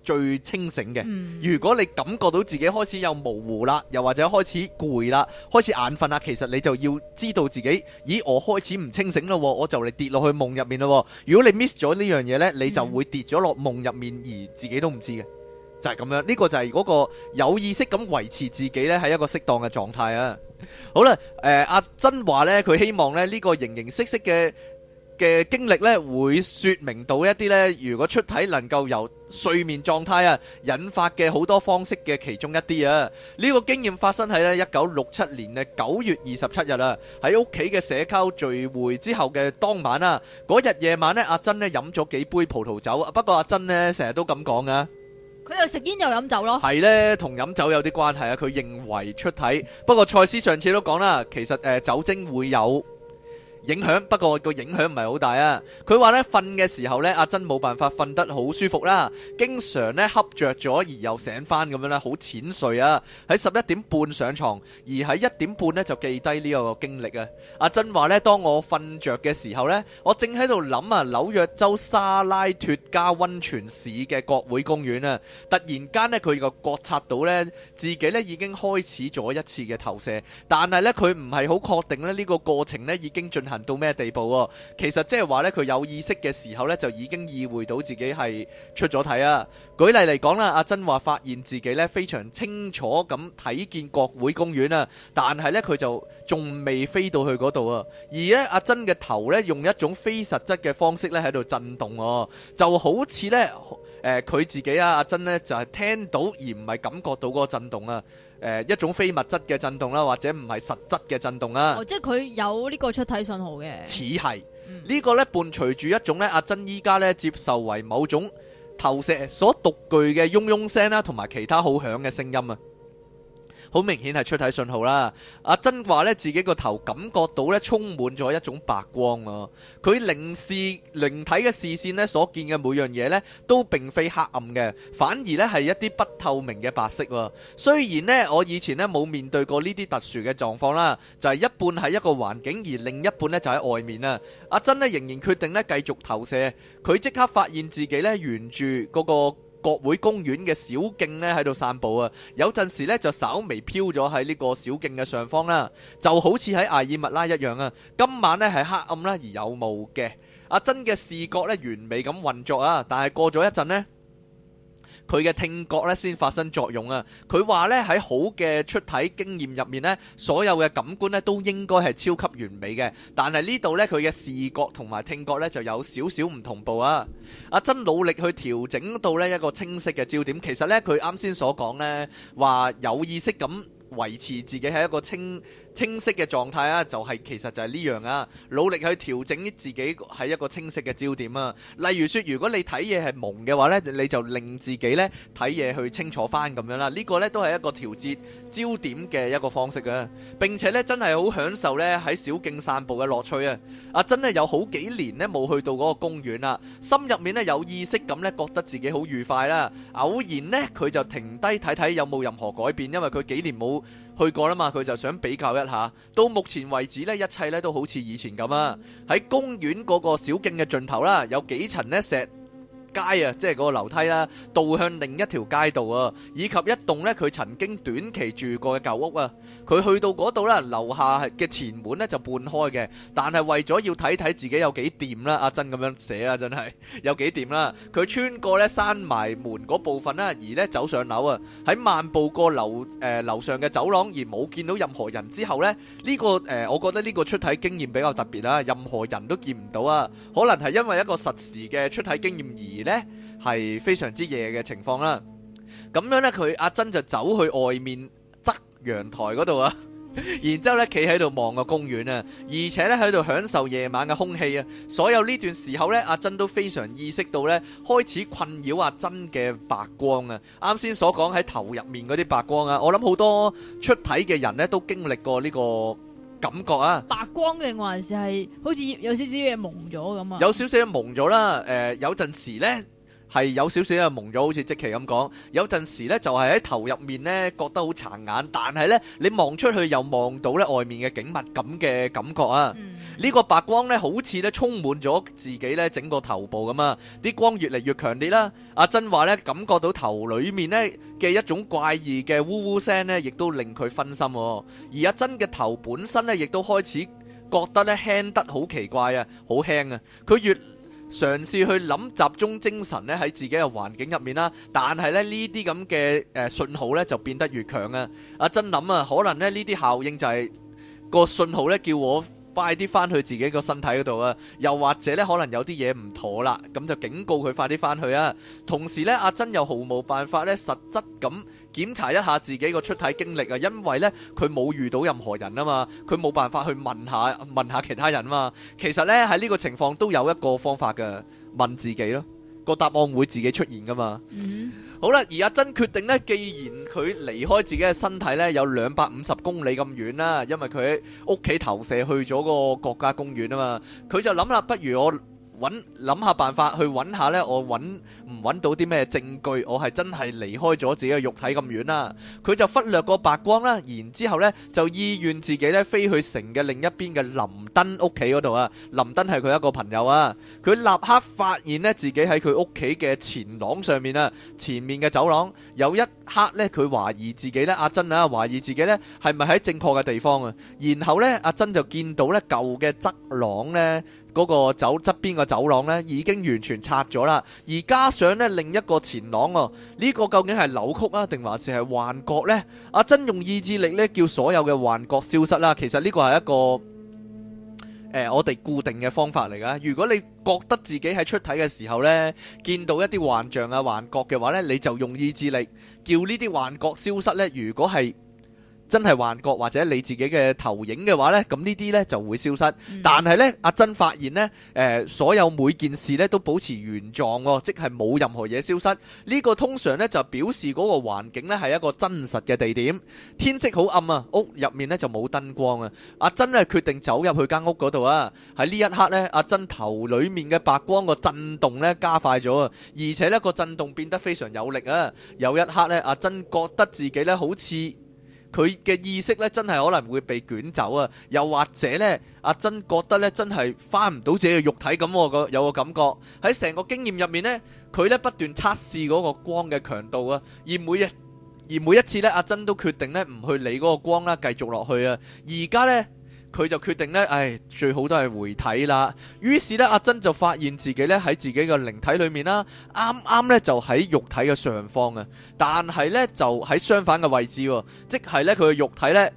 最清醒嘅。如果你感覺到自己開始有模糊啦，又或者開始攰啦，開始眼瞓啦，其實你就要知道自己，咦，我開始唔清醒啦，我就嚟跌落去夢入面啦。如果你 miss 咗呢樣嘢呢，你就會跌咗落夢入面而自己都唔知嘅，就係咁樣。呢個就係嗰個有意識咁維持自己呢，喺一個適當嘅狀態啊。好啦、呃，阿珍話呢，佢希望呢，呢個形形色色嘅。嘅經歷咧，會説明到一啲咧。如果出體能夠由睡眠狀態啊，引發嘅好多方式嘅其中一啲啊，呢個經驗發生喺咧一九六七年嘅九月二十七日啦。喺屋企嘅社交聚會之後嘅當晚啊，嗰日夜晚咧，阿珍咧飲咗幾杯葡萄酒。不過阿珍咧成日都咁講㗎，佢又食煙又飲酒咯。係咧，同飲酒有啲關係啊。佢認為出體。不過賽斯上次都講啦，其實誒酒精會有。影響，不過個影響唔係好大啊！佢話咧瞓嘅時候咧，阿珍冇辦法瞓得好舒服啦，經常咧瞌著咗而又醒翻咁樣咧，好淺睡啊！喺十一點半上牀，而喺一點半咧就記低呢個經歷啊！阿珍話咧，當我瞓著嘅時候咧，我正喺度諗啊紐約州沙拉脱加温泉市嘅國會公園啊，突然間咧佢個覺察到咧自己咧已經開始咗一次嘅投射，但係咧佢唔係好確定咧呢個過程咧已經進行。行到咩地步？其實即係話咧，佢有意識嘅時候咧，就已經意會到自己係出咗體啊。舉例嚟講啦，阿珍話發現自己咧非常清楚咁睇見國會公園啊，但係咧佢就仲未飛到去嗰度啊。而咧阿珍嘅頭咧用一種非實質嘅方式咧喺度震動，就好似咧誒佢自己啊，阿珍咧就係聽到而唔係感覺到嗰個震動啊。誒、呃、一種非物質嘅震動啦，或者唔係實質嘅震動啦、哦。即係佢有呢個出體信號嘅。似係、嗯、呢個咧，伴隨住一種咧，阿珍依家咧接受為某種投射所獨具嘅嗡嗡聲啦，同埋其他好響嘅聲音啊！好明顯係出體信號啦！阿珍話呢，自己個頭感覺到呢，充滿咗一種白光咯。佢靈視靈體嘅視線呢，所見嘅每樣嘢呢，都並非黑暗嘅，反而呢，係一啲不透明嘅白色。雖然呢，我以前呢冇面對過呢啲特殊嘅狀況啦，就係、是、一半係一個環境，而另一半呢，就喺外面啊！阿珍呢，仍然決定呢，繼續投射，佢即刻發現自己呢，沿住嗰、那個。國會公園嘅小徑呢，喺度散步啊，有陣時呢，就稍微飄咗喺呢個小徑嘅上方啦，就好似喺阿爾默拉一樣啊。今晚呢係黑暗啦，而有霧嘅，阿珍嘅視覺呢，完美咁運作啊，但係過咗一陣呢。佢嘅聽覺咧先發生作用啊！佢話咧喺好嘅出體經驗入面呢，所有嘅感官呢都應該係超級完美嘅。但係呢度呢，佢嘅視覺同埋聽覺呢就有少少唔同步啊！阿珍努力去調整到呢一個清晰嘅焦點。其實呢，佢啱先所講呢話有意識噉維持自己喺一個清。清晰嘅狀態啊、就係，就係其實就係呢樣啊，努力去調整自己喺一個清晰嘅焦點啊。例如說，如果你睇嘢係蒙嘅話呢，你就令自己呢睇嘢去清楚翻咁樣啦。呢、呢個呢都係一個調節焦點嘅一個方式啊。並且呢，真係好享受呢喺小徑散步嘅樂趣啊！啊，真係有好幾年呢冇去到嗰個公園啦，心入面呢有意識咁呢，覺得自己好愉快啦。偶然呢，佢就停低睇睇有冇任何改變，因為佢幾年冇去過啦嘛，佢就想比較一下。到目前為止咧，一切咧都好似以前咁啊。喺公園嗰個小徑嘅盡頭啦，有幾層呢石街啊，即係嗰個樓梯啦，導向另一條街道啊，以及一棟咧佢曾經短期住過嘅舊屋啊。佢去到嗰度咧，樓下嘅前門咧就半開嘅，但係為咗要睇睇自己有幾掂啦，阿珍咁樣寫啊，真係有幾掂啦。佢穿過咧閂埋門嗰部分啦，而咧走上樓啊，喺漫步過樓誒樓上嘅走廊，而冇見到任何人之後咧，呢個誒，我覺得呢個出體經驗比較特別啦，任何人都見唔到啊，可能係因為一個實時嘅出體經驗而。咧係非常之夜嘅情況啦，咁樣呢，佢阿珍就走去外面側陽台嗰度啊， 然之後咧企喺度望個公園啊，而且咧喺度享受夜晚嘅空氣啊。所有呢段時候呢，阿珍都非常意識到呢，開始困擾阿珍嘅白光啊。啱先所講喺頭入面嗰啲白光啊，我諗好多出體嘅人呢都經歷過呢個。感覺啊，白光嘅還是係好似有少少嘢朦咗咁啊，有少少嘢朦咗啦，誒、呃、有陣時咧。係有少少啊蒙咗，好似即期咁講。有陣時咧就係喺頭入面咧覺得好殘眼，但係咧你望出去又望到咧外面嘅景物咁嘅感覺啊。呢個白光咧好似咧充滿咗自己咧整個頭部咁啊。啲光越嚟越強烈啦。阿珍話咧感覺到頭裏面咧嘅一種怪異嘅嗚嗚聲咧，亦都令佢分心。而阿珍嘅頭本身咧亦都開始覺得咧輕得好奇怪啊，好輕啊。佢越嘗試去諗集中精神咧喺自己嘅環境入面啦，但係咧呢啲咁嘅誒信號咧就變得越強啊！阿珍諗啊，可能咧呢啲效應就係個信號咧叫我。快啲翻去自己個身體嗰度啊！又或者咧，可能有啲嘢唔妥啦，咁就警告佢快啲翻去啊！同時呢，阿珍又毫無辦法咧，實質咁檢查一下自己個出體經歷啊，因為呢，佢冇遇到任何人啊嘛，佢冇辦法去問下問下其他人啊嘛。其實呢，喺呢個情況都有一個方法嘅，問自己咯，個答案會自己出現噶嘛。Mm-hmm. 好啦，而阿珍決定呢，既然佢離開自己嘅身體呢，有兩百五十公里咁遠啦，因為佢喺屋企投射去咗個國家公園啊嘛，佢就諗啦，不如我搵諗下辦法去揾下呢，我揾唔揾到啲咩證據？我係真係離開咗自己嘅肉體咁遠啦。佢就忽略個白光啦，然之後呢就意願自己呢，飛去城嘅另一邊嘅林登屋企嗰度啊。林登係佢一個朋友啊。佢立刻發現呢，自己喺佢屋企嘅前廊上面啊，前面嘅走廊有一刻呢，佢懷疑自己呢，阿珍啊，懷疑自己呢，係咪喺正確嘅地方啊。然後呢，阿珍就見到呢，舊嘅側廊呢。嗰個走側邊個走廊呢，已經完全拆咗啦，而加上呢另一個前廊喎，呢個究竟係扭曲啊，定還是係幻覺呢？阿珍用意志力呢，叫所有嘅幻覺消失啦。其實呢個係一個、呃、我哋固定嘅方法嚟噶。如果你覺得自己喺出體嘅時候呢，見到一啲幻象啊、幻覺嘅話呢，你就用意志力叫呢啲幻覺消失呢。如果係真係幻覺或者你自己嘅投影嘅話呢，咁呢啲呢就會消失。但係呢，阿珍發現呢，誒、呃、所有每件事呢都保持原狀喎、哦，即係冇任何嘢消失。呢、這個通常呢就表示嗰個環境呢係一個真實嘅地點。天色好暗啊，屋入面呢就冇燈光啊。阿珍呢決定走入去間屋嗰度啊。喺呢一刻呢，阿珍頭裡面嘅白光個震動呢加快咗啊，而且呢個震動變得非常有力啊。有一刻呢，阿珍覺得自己呢好似佢嘅意識咧，真係可能會被捲走啊！又或者呢，阿珍覺得咧，真係返唔到自己嘅肉體咁、嗰個有個感覺。喺成個經驗入面呢，佢呢不斷測試嗰個光嘅強度啊，而每一而每一次呢，阿珍都決定呢唔去理嗰個光啦，繼續落去啊！而家呢。佢就決定呢，唉，最好都係回體啦。於是呢，阿珍就發現自己呢，喺自己嘅靈體裏面啦，啱啱呢就喺肉體嘅上方啊。但係呢，就喺相反嘅位置，即係呢，佢嘅肉體呢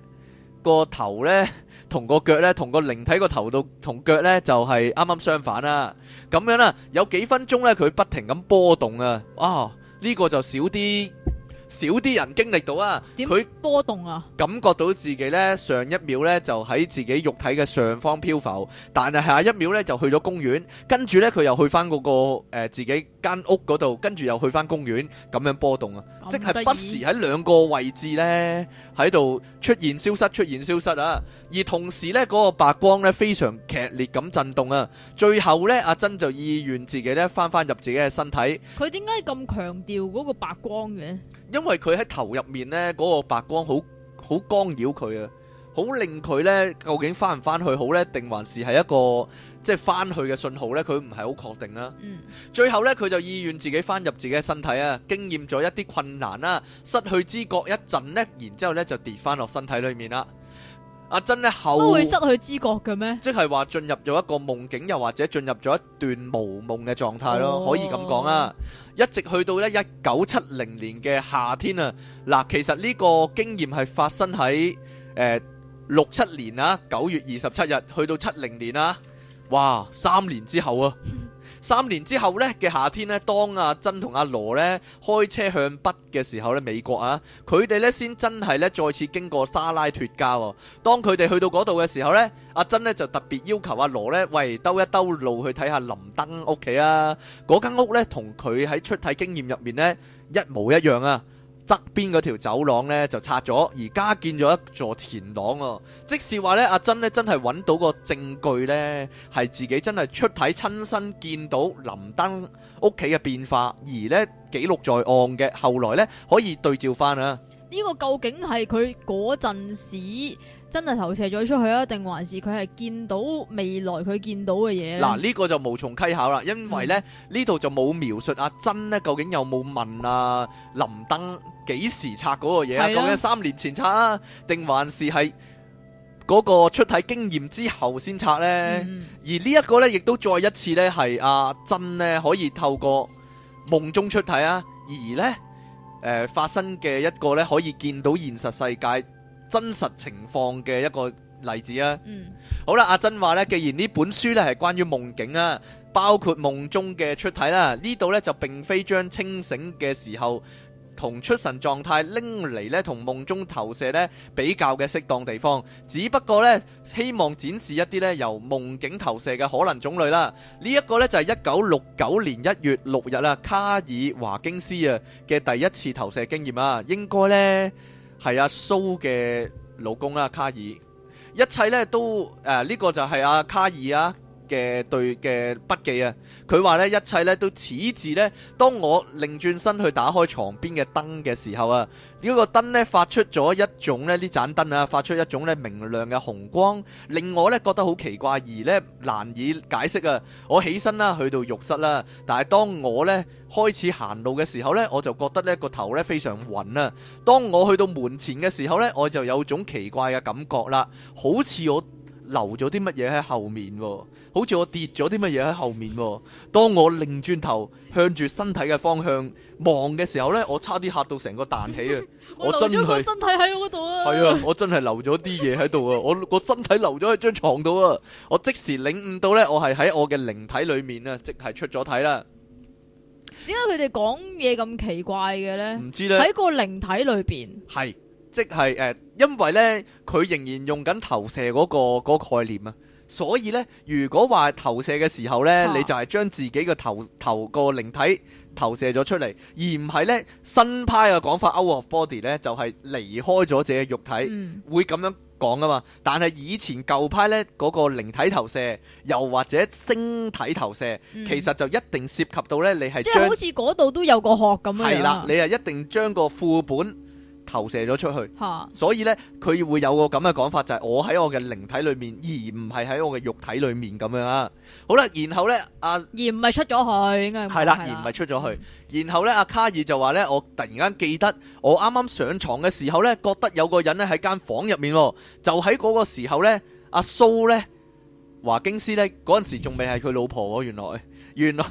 個頭呢，同個腳呢，同個靈體個頭度同腳呢，就係啱啱相反啦。咁樣啦，有幾分鐘呢，佢不停咁波動啊！啊，呢個就少啲。少啲人經歷到啊！佢波動啊，感覺到自己呢。上一秒呢，就喺自己肉體嘅上方漂浮，但係下一秒呢，就去咗公園，跟住呢，佢又去翻嗰個，呃，自己間屋嗰度，跟住又去翻公園，咁樣波動啊！即係不時喺兩個位置呢，喺度出現、消失、出現、消失啊！而同時呢，嗰個白光呢，非常劇烈咁震動啊！最後呢，阿珍就意願自己呢，翻翻入自己嘅身體。佢點解咁強調嗰個白光嘅？因為佢喺頭入面呢，嗰個白光好好干擾佢啊，好令佢呢，究竟翻唔翻去好呢？定還是係一個即係翻去嘅信號呢？佢唔係好確定啦。嗯，最後呢，佢就意願自己翻入自己嘅身體啊，經驗咗一啲困難啦，失去知覺一陣呢，然之後咧就跌翻落身體裏面啦。阿珍呢後都會失去知覺嘅咩？即係話進入咗一個夢境，又或者進入咗一段無夢嘅狀態咯，可以咁講啊！一直去到咧一九七零年嘅夏天啊，嗱，其實呢個經驗係發生喺誒六七年啊，九月二十七日去到七零年啊，哇，三年之後啊！三年之後咧嘅夏天咧，當阿珍同阿羅咧開車向北嘅時候咧，美國啊，佢哋咧先真係咧再次經過沙拉脱家。當佢哋去到嗰度嘅時候咧，阿珍咧就特別要求阿羅咧，喂，兜一兜路去睇下林登屋企啊！嗰間屋咧同佢喺出體經驗入面咧一模一樣啊！側邊嗰條走廊呢就拆咗，而加建咗一座田廊喎、哦。即係話呢，阿珍呢真係揾到個證據呢，係自己真係出體親身見到林登屋企嘅變化，而呢記錄在案嘅，後來呢可以對照翻啊。呢個究竟係佢嗰陣時？真係投射咗出去啊？定還是佢係見到未來佢見到嘅嘢？嗱呢、啊這個就無從稽考啦，因為呢呢度、嗯、就冇描述阿珍呢究竟有冇問啊林登幾時拆嗰個嘢啊？講緊是、啊、三年前拆啊，定還是係嗰個出體經驗之後先拆呢？嗯、而呢一個呢，亦都再一次呢，係阿珍呢可以透過夢中出體啊，而呢誒、呃、發生嘅一個呢，可以見到現實世界，真實情況嘅一個例子啊！嗯。好啦，阿珍話咧，既然呢本書咧係關於夢境啊，包括夢中嘅出體啦，呢度咧就並非將清醒嘅時候同出神狀態拎嚟咧同夢中投射咧比較嘅適當地方，只不過咧希望展示一啲咧由夢境投射嘅可能種類啦。呢一個咧就係一九六九年一月六日啦，卡爾華京斯啊嘅第一次投射經驗啊，應該咧。係阿、啊、蘇嘅老公啦，卡爾，一切咧都誒，呢、呃呢個就係阿、啊、卡爾啊。嘅對嘅筆記啊，佢話咧一切咧都似字咧。當我擰轉身去打開床邊嘅燈嘅時候啊，呢、這個燈咧發出咗一種咧呢盞燈啊發出一種咧明亮嘅紅光，令我咧覺得好奇怪而咧難以解釋啊。我起身啦，去到浴室啦，但係當我咧開始行路嘅時候咧，我就覺得咧個頭咧非常暈啊。當我去到門前嘅時候咧，我就有種奇怪嘅感覺啦，好似我留咗啲乜嘢喺後面喎。好似我跌咗啲乜嘢喺後面喎，啊。當我擰轉頭向住身體嘅方向望嘅時候呢，我差啲嚇到成個彈起啊！ 我留咗個身體喺我度啊！係 啊，我真係留咗啲嘢喺度啊！我個身體留咗喺張床度啊！我即時領悟到呢，我係喺我嘅靈體裏面啊，即係出咗體啦。點解佢哋講嘢咁奇怪嘅呢？唔知咧喺個靈體裏邊，係即係誒，uh, 因為呢，佢仍然用緊投射嗰，嗰個、嗰個概念啊。所以咧，如果話投射嘅時候咧，啊、你就係將自己嘅頭頭個靈體投射咗出嚟，而唔係咧新派嘅講法，out of body 咧就係、是、離開咗自己嘅肉體，嗯、會咁樣講啊嘛。但係以前舊派咧，嗰個靈體投射，又或者星體投射，嗯、其實就一定涉及到咧，你係即係好似度將都有個殼咁樣，係啦，你啊一定將個副本。投射咗出去，哈所以呢，佢會有個咁嘅講法，就係、是、我喺我嘅靈體裏面，而唔係喺我嘅肉體裏面咁樣啊。好啦，然後呢，阿、啊、而唔係出咗去，應該係啦，而唔係出咗去。嗯、然後呢，阿卡爾就話呢，我突然間記得我啱啱上床嘅時候呢，覺得有個人呢喺間房入面，哦，就喺嗰個時候呢，阿、啊、蘇、so、呢，華京斯呢，嗰陣時仲未係佢老婆喎，哦， 原來。原來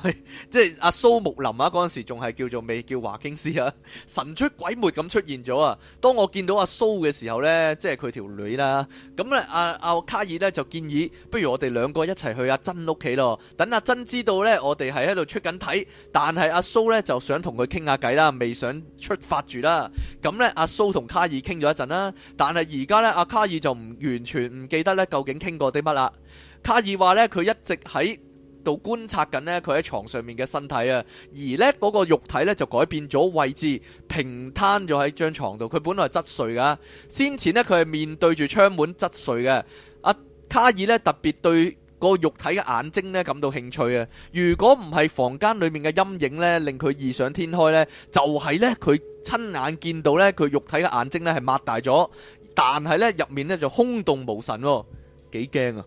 即係阿蘇木林啊！嗰陣時仲係叫做未叫華京斯啊，神出鬼沒咁出現咗啊！當我見到阿蘇嘅時候呢，即係佢條女啦。咁呢，阿、啊、阿、啊、卡爾呢就建議，不如我哋兩個一齊去阿珍屋企咯。等阿珍知道呢，我哋係喺度出緊體，但係阿蘇呢就想同佢傾下偈啦，未想出發住啦。咁呢，阿、啊、蘇同卡爾傾咗一陣啦，但係而家呢，阿卡爾就唔完全唔記得呢究竟傾過啲乜啦。卡爾話呢，佢一直喺度觀察緊呢，佢喺床上面嘅身體啊，而呢嗰個肉體呢就改變咗位置，平攤咗喺張床度。佢本來係側睡噶先前呢佢係面對住窗門側睡嘅。阿卡爾呢特別對個肉體嘅眼睛呢感到興趣啊！如果唔係房間裏面嘅陰影呢令佢異想天開呢，就係呢佢親眼見到呢佢肉體嘅眼睛呢係擘大咗，但係呢入面呢就空洞無神喎，幾驚啊！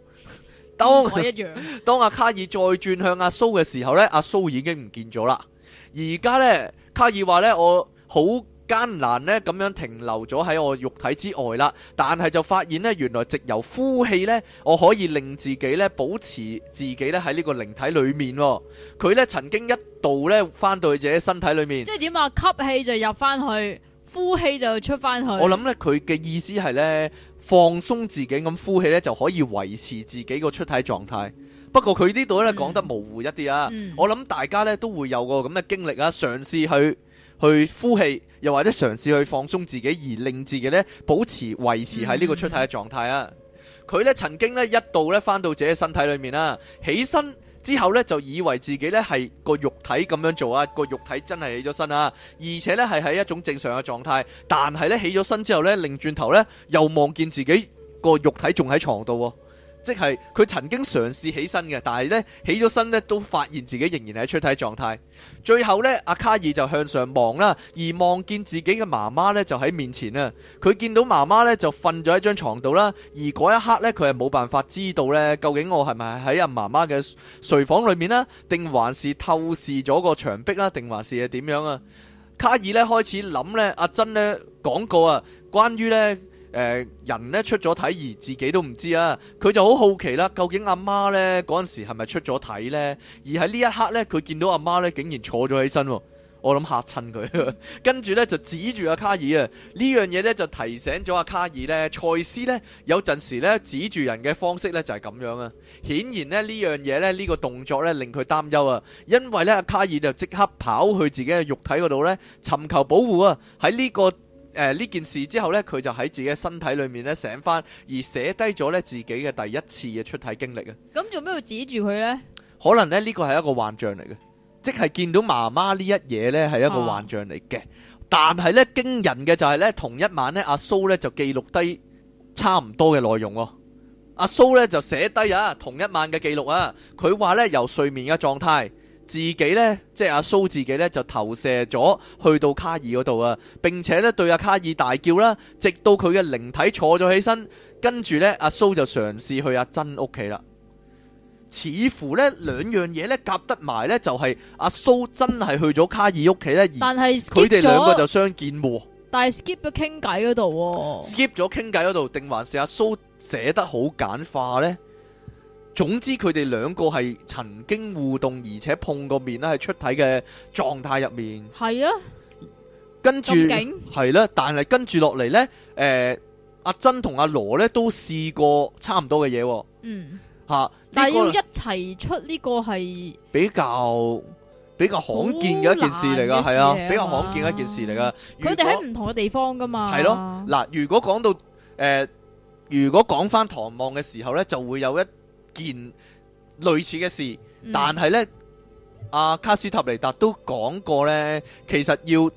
當我一樣，當阿卡爾再轉向阿蘇嘅時候呢，阿蘇已經唔見咗啦。而家呢，卡爾話呢，我好艱難呢，咁樣停留咗喺我肉體之外啦。但係就發現呢，原來藉由呼氣呢，我可以令自己呢，保持自己呢喺呢個靈體裏面，哦。佢呢曾經一度呢，翻到去自己身體裏面。即係點啊？吸氣就入翻去，呼氣就出翻去。我諗呢，佢嘅意思係呢。放鬆自己，咁呼氣咧，就可以維持自己個出體狀態。不過佢呢度咧，講得模糊一啲啊，我諗大家咧都會有個咁嘅經歷啊，嘗試去去呼氣，又或者嘗試去放鬆自己而令自己咧保持維持喺呢個出體嘅狀態啊。佢咧曾經咧一度咧返到自己身體裏面啦，起身。之後咧就以為自己咧係個肉體咁樣做啊，個肉體真係起咗身啊，而且咧係喺一種正常嘅狀態。但係咧起咗身之後咧，擰轉頭咧又望見自己個肉體仲喺床度。即係佢曾經嘗試起身嘅，但係呢，起咗身呢都發現自己仍然係出體狀態。最後呢，阿卡爾就向上望啦，而望見自己嘅媽媽呢就喺面前啊。佢見到媽媽呢就瞓咗喺張床度啦。而嗰一刻呢，佢係冇辦法知道呢，究竟我係咪喺阿媽媽嘅睡房裏面啦，定還是透視咗個牆壁啦，定還是係點樣啊？卡爾呢開始諗呢，阿珍呢講過啊，關於呢。誒、呃，人咧出咗體，而自己都唔知啊，佢就好好奇啦。究竟阿媽咧嗰陣時係咪出咗體咧？而喺呢一刻咧，佢見到阿媽咧竟然坐咗起身，我諗吓親佢。 跟住咧就指住阿卡爾啊，樣呢樣嘢咧就提醒咗阿卡爾咧，賽斯咧有陣時咧指住人嘅方式咧就係、是、咁樣啊。顯然咧呢樣嘢咧呢、呢個動作咧令佢擔憂啊，因為咧阿卡爾就即刻跑去自己嘅肉體嗰度咧尋求保護啊。喺呢、呢個。誒，呢、呃、件事之後呢，佢就喺自己身體裏面咧醒翻，而寫低咗咧自己嘅第一次嘅出體經歷啊！咁做咩要指住佢呢？可能咧呢、呢個係一個幻象嚟嘅，即係見到媽媽一呢一嘢呢係一個幻象嚟嘅。但係呢，驚人嘅就係呢同一晚呢，阿蘇呢就記錄低差唔多嘅內容喎。阿蘇呢就寫低啊同一晚嘅記錄啊，佢話呢由睡眠嘅狀態。自己呢，即係阿蘇自己呢，就投射咗去到卡爾嗰度啊，並且呢，對阿卡爾大叫啦，直到佢嘅靈體坐咗起身，跟住呢，阿蘇就嘗試去阿珍屋企啦。似乎呢兩樣嘢呢夾得埋呢，就係阿蘇真係去咗卡爾屋企呢。但係佢哋兩個就相見喎。但係 skip 咗傾偈嗰度，skip 咗傾偈嗰度，定還是阿蘇寫得好簡化呢？總之佢哋兩個係曾經互動，而且碰過面咧，係出體嘅狀態入面係啊。跟住係啦，但係跟住落嚟咧，誒、呃，阿珍同阿羅咧都試過差唔多嘅嘢、啊。嗯吓，啊這個、但係要一齊出呢個係比較比較罕見嘅一件事嚟噶，係啊，比較罕見一件事嚟噶。佢哋喺唔同嘅地方噶嘛，係咯嗱。如果講到誒，如果講翻、呃、唐望嘅時候咧，就會有一。件類似嘅事，但係咧，阿卡斯塔尼達都講過咧，其實要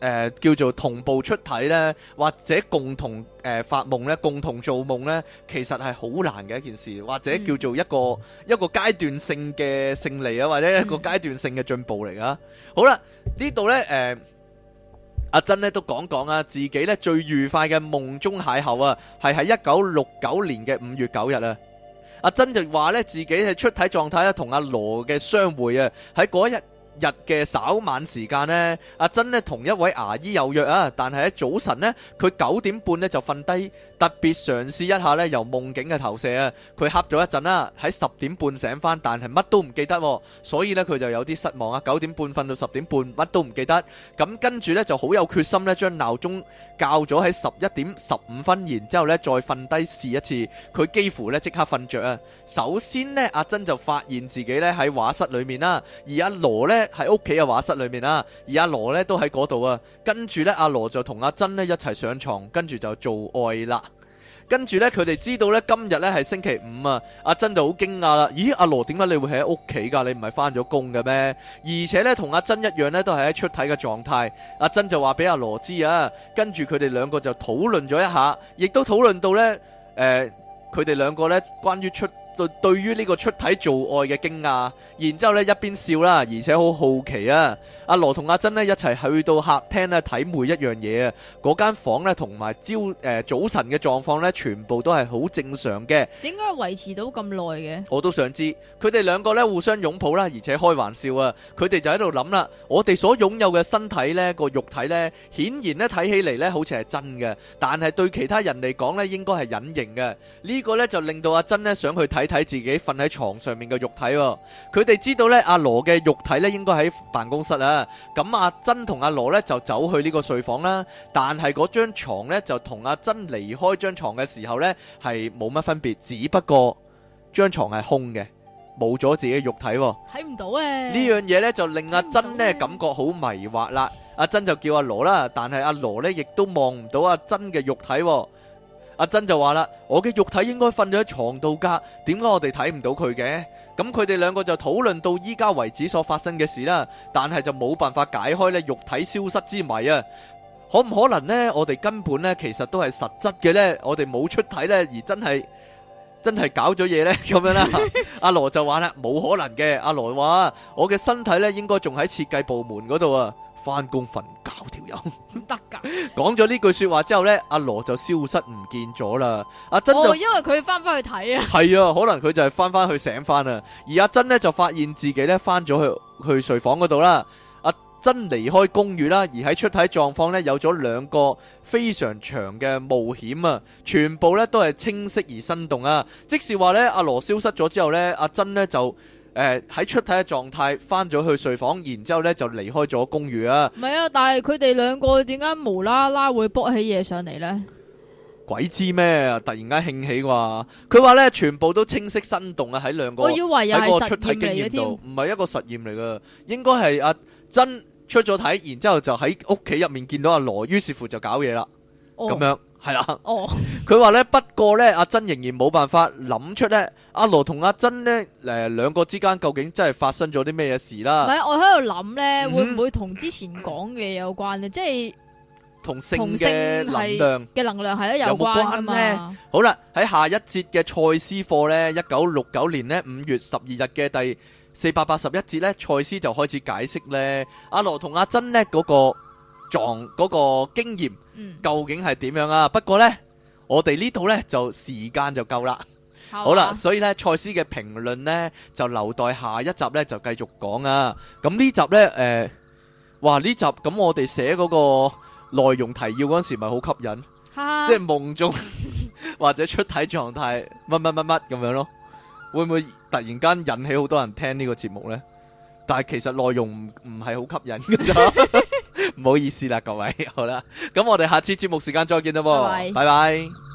誒叫做同步出體咧，或者共同誒發夢咧，共同做夢咧，其實係好難嘅一件事，或者叫做一個一個階段性嘅勝利啊，或者一個階段性嘅進步嚟啊。好啦，呢度咧誒，阿珍咧都講講啊，自己咧最愉快嘅夢中邂逅啊，係喺一九六九年嘅五月九日啊。阿珍就話咧，自己係出體狀態咧，同阿羅嘅相會啊，喺嗰日。日嘅稍晚時間咧，阿珍咧同一位牙醫有約啊，但係喺早晨咧，佢九點半咧就瞓低，特別嘗試一下咧由夢境嘅投射啊，佢瞌咗一陣啦，喺十點半醒返，但係乜都唔記得，所以咧佢就有啲失望啊，九點半瞓到十點半，乜都唔記得，咁跟住咧就好有決心咧，將鬧鐘校咗喺十一點十五分，然之後咧再瞓低試一次，佢幾乎咧即刻瞓著啊。首先咧，阿珍就發現自己咧喺畫室裏面啦，而阿羅咧。喺屋企嘅畫室裏面啦，而阿羅呢都喺嗰度啊。跟住呢，阿羅就同阿珍呢一齊上床，跟住就做愛啦。跟住呢，佢哋知道呢今日呢係星期五啊。阿珍就好驚訝啦。咦，阿羅點解你會喺屋企噶？你唔係翻咗工嘅咩？而且呢，同阿珍一樣呢，都係喺出體嘅狀態。阿珍就話俾阿羅知啊。跟住佢哋兩個就討論咗一下，亦都討論到呢，誒、呃，佢哋兩個呢關於出。對對於呢個出體做愛嘅驚訝，然之後咧一邊笑啦，而且好好奇啊！阿羅同阿珍咧一齊去到客廳咧睇每一樣嘢啊！間房咧同埋朝誒、早晨嘅狀況咧，全部都係好正常嘅。點解維持到咁耐嘅？我都想知。佢哋兩個咧互相擁抱啦，而且開玩笑啊！佢哋就喺度諗啦，我哋所擁有嘅身體咧個肉體咧，顯然咧睇起嚟咧好似係真嘅，但係對其他人嚟講咧應該係隱形嘅。呢個咧就令到阿珍咧想去睇。睇睇自己瞓喺床上面嘅肉體、哦，佢哋知道咧阿羅嘅肉體咧應該喺辦公室啦。咁阿珍同阿羅咧就走去呢個睡房啦，但係嗰張床咧就同阿珍離開張床嘅時候咧係冇乜分別，只不過張床係空嘅，冇咗自己嘅肉體、哦，睇唔到誒。呢樣嘢咧就令阿珍咧感覺好迷惑啦。阿珍就叫阿羅啦，但係阿羅咧亦都望唔到阿珍嘅肉體、哦。阿珍就話啦：，我嘅肉體應該瞓咗喺床度噶，點解我哋睇唔到佢嘅？咁佢哋兩個就討論到依家為止所發生嘅事啦，但係就冇辦法解開呢肉體消失之謎啊！可唔可能呢？我哋根本呢其實都係實質嘅呢，我哋冇出體呢，而真係真係搞咗嘢呢。咁樣啦。阿羅就話啦，冇可能嘅。阿羅話：，我嘅身體呢應該仲喺設計部門嗰度啊。翻工瞓覺條友唔得噶。講咗呢句說話之後呢，阿羅就消失唔見咗啦。阿珍就、哦、因為佢翻翻去睇啊，係啊，可能佢就係翻翻去醒翻啊。而阿珍呢，就發現自己呢翻咗去去睡房嗰度啦。阿珍離開公寓啦，而喺出體狀況呢，有咗兩個非常長嘅冒險啊，全部呢都係清晰而生動啊。即使話呢，阿羅消失咗之後呢，阿珍呢就。誒，喺、呃、出體嘅狀態翻咗去睡房，然之後咧就離開咗公寓啊，唔係啊，但係佢哋兩個點解無啦啦會卜起嘢上嚟呢？鬼知咩啊！突然間興起啩，佢話呢，全部都清晰生動啊！喺兩個，我以為又係實驗嚟嘅，唔係一個實驗嚟噶，應該係阿珍出咗體，然之後就喺屋企入面見到阿羅，於是乎就搞嘢啦，咁、oh. 樣。係啦，哦，佢話咧，不過咧，阿珍仍然冇辦法諗出咧，阿羅同阿珍咧，誒、呃，兩個之間究竟真係發生咗啲咩事啦？唔係，我喺度諗咧，嗯、哼會唔會同之前講嘅有關咧？即係同性嘅能量嘅能量係咧有關咧？好啦，喺下一節嘅賽斯課咧，一九六九年咧五月十二日嘅第四百八十一節咧，賽斯就開始解釋咧，阿羅同阿珍咧嗰，那個。撞嗰個經驗究竟係點樣啊？不過呢，我哋呢度呢就時間就夠啦。好啦，所以呢，蔡司嘅評論呢就留待下一集呢就繼續講啊。咁呢集呢，誒，哇呢集咁我哋寫嗰個內容提要嗰時咪好吸引，即係夢中或者出體狀態乜乜乜乜咁樣咯。會唔會突然間引起好多人聽呢個節目呢？但係其實內容唔唔係好吸引噶咋。唔好意思啦，各位，好啦，咁我哋下次節目時間再見啦，噃，拜拜。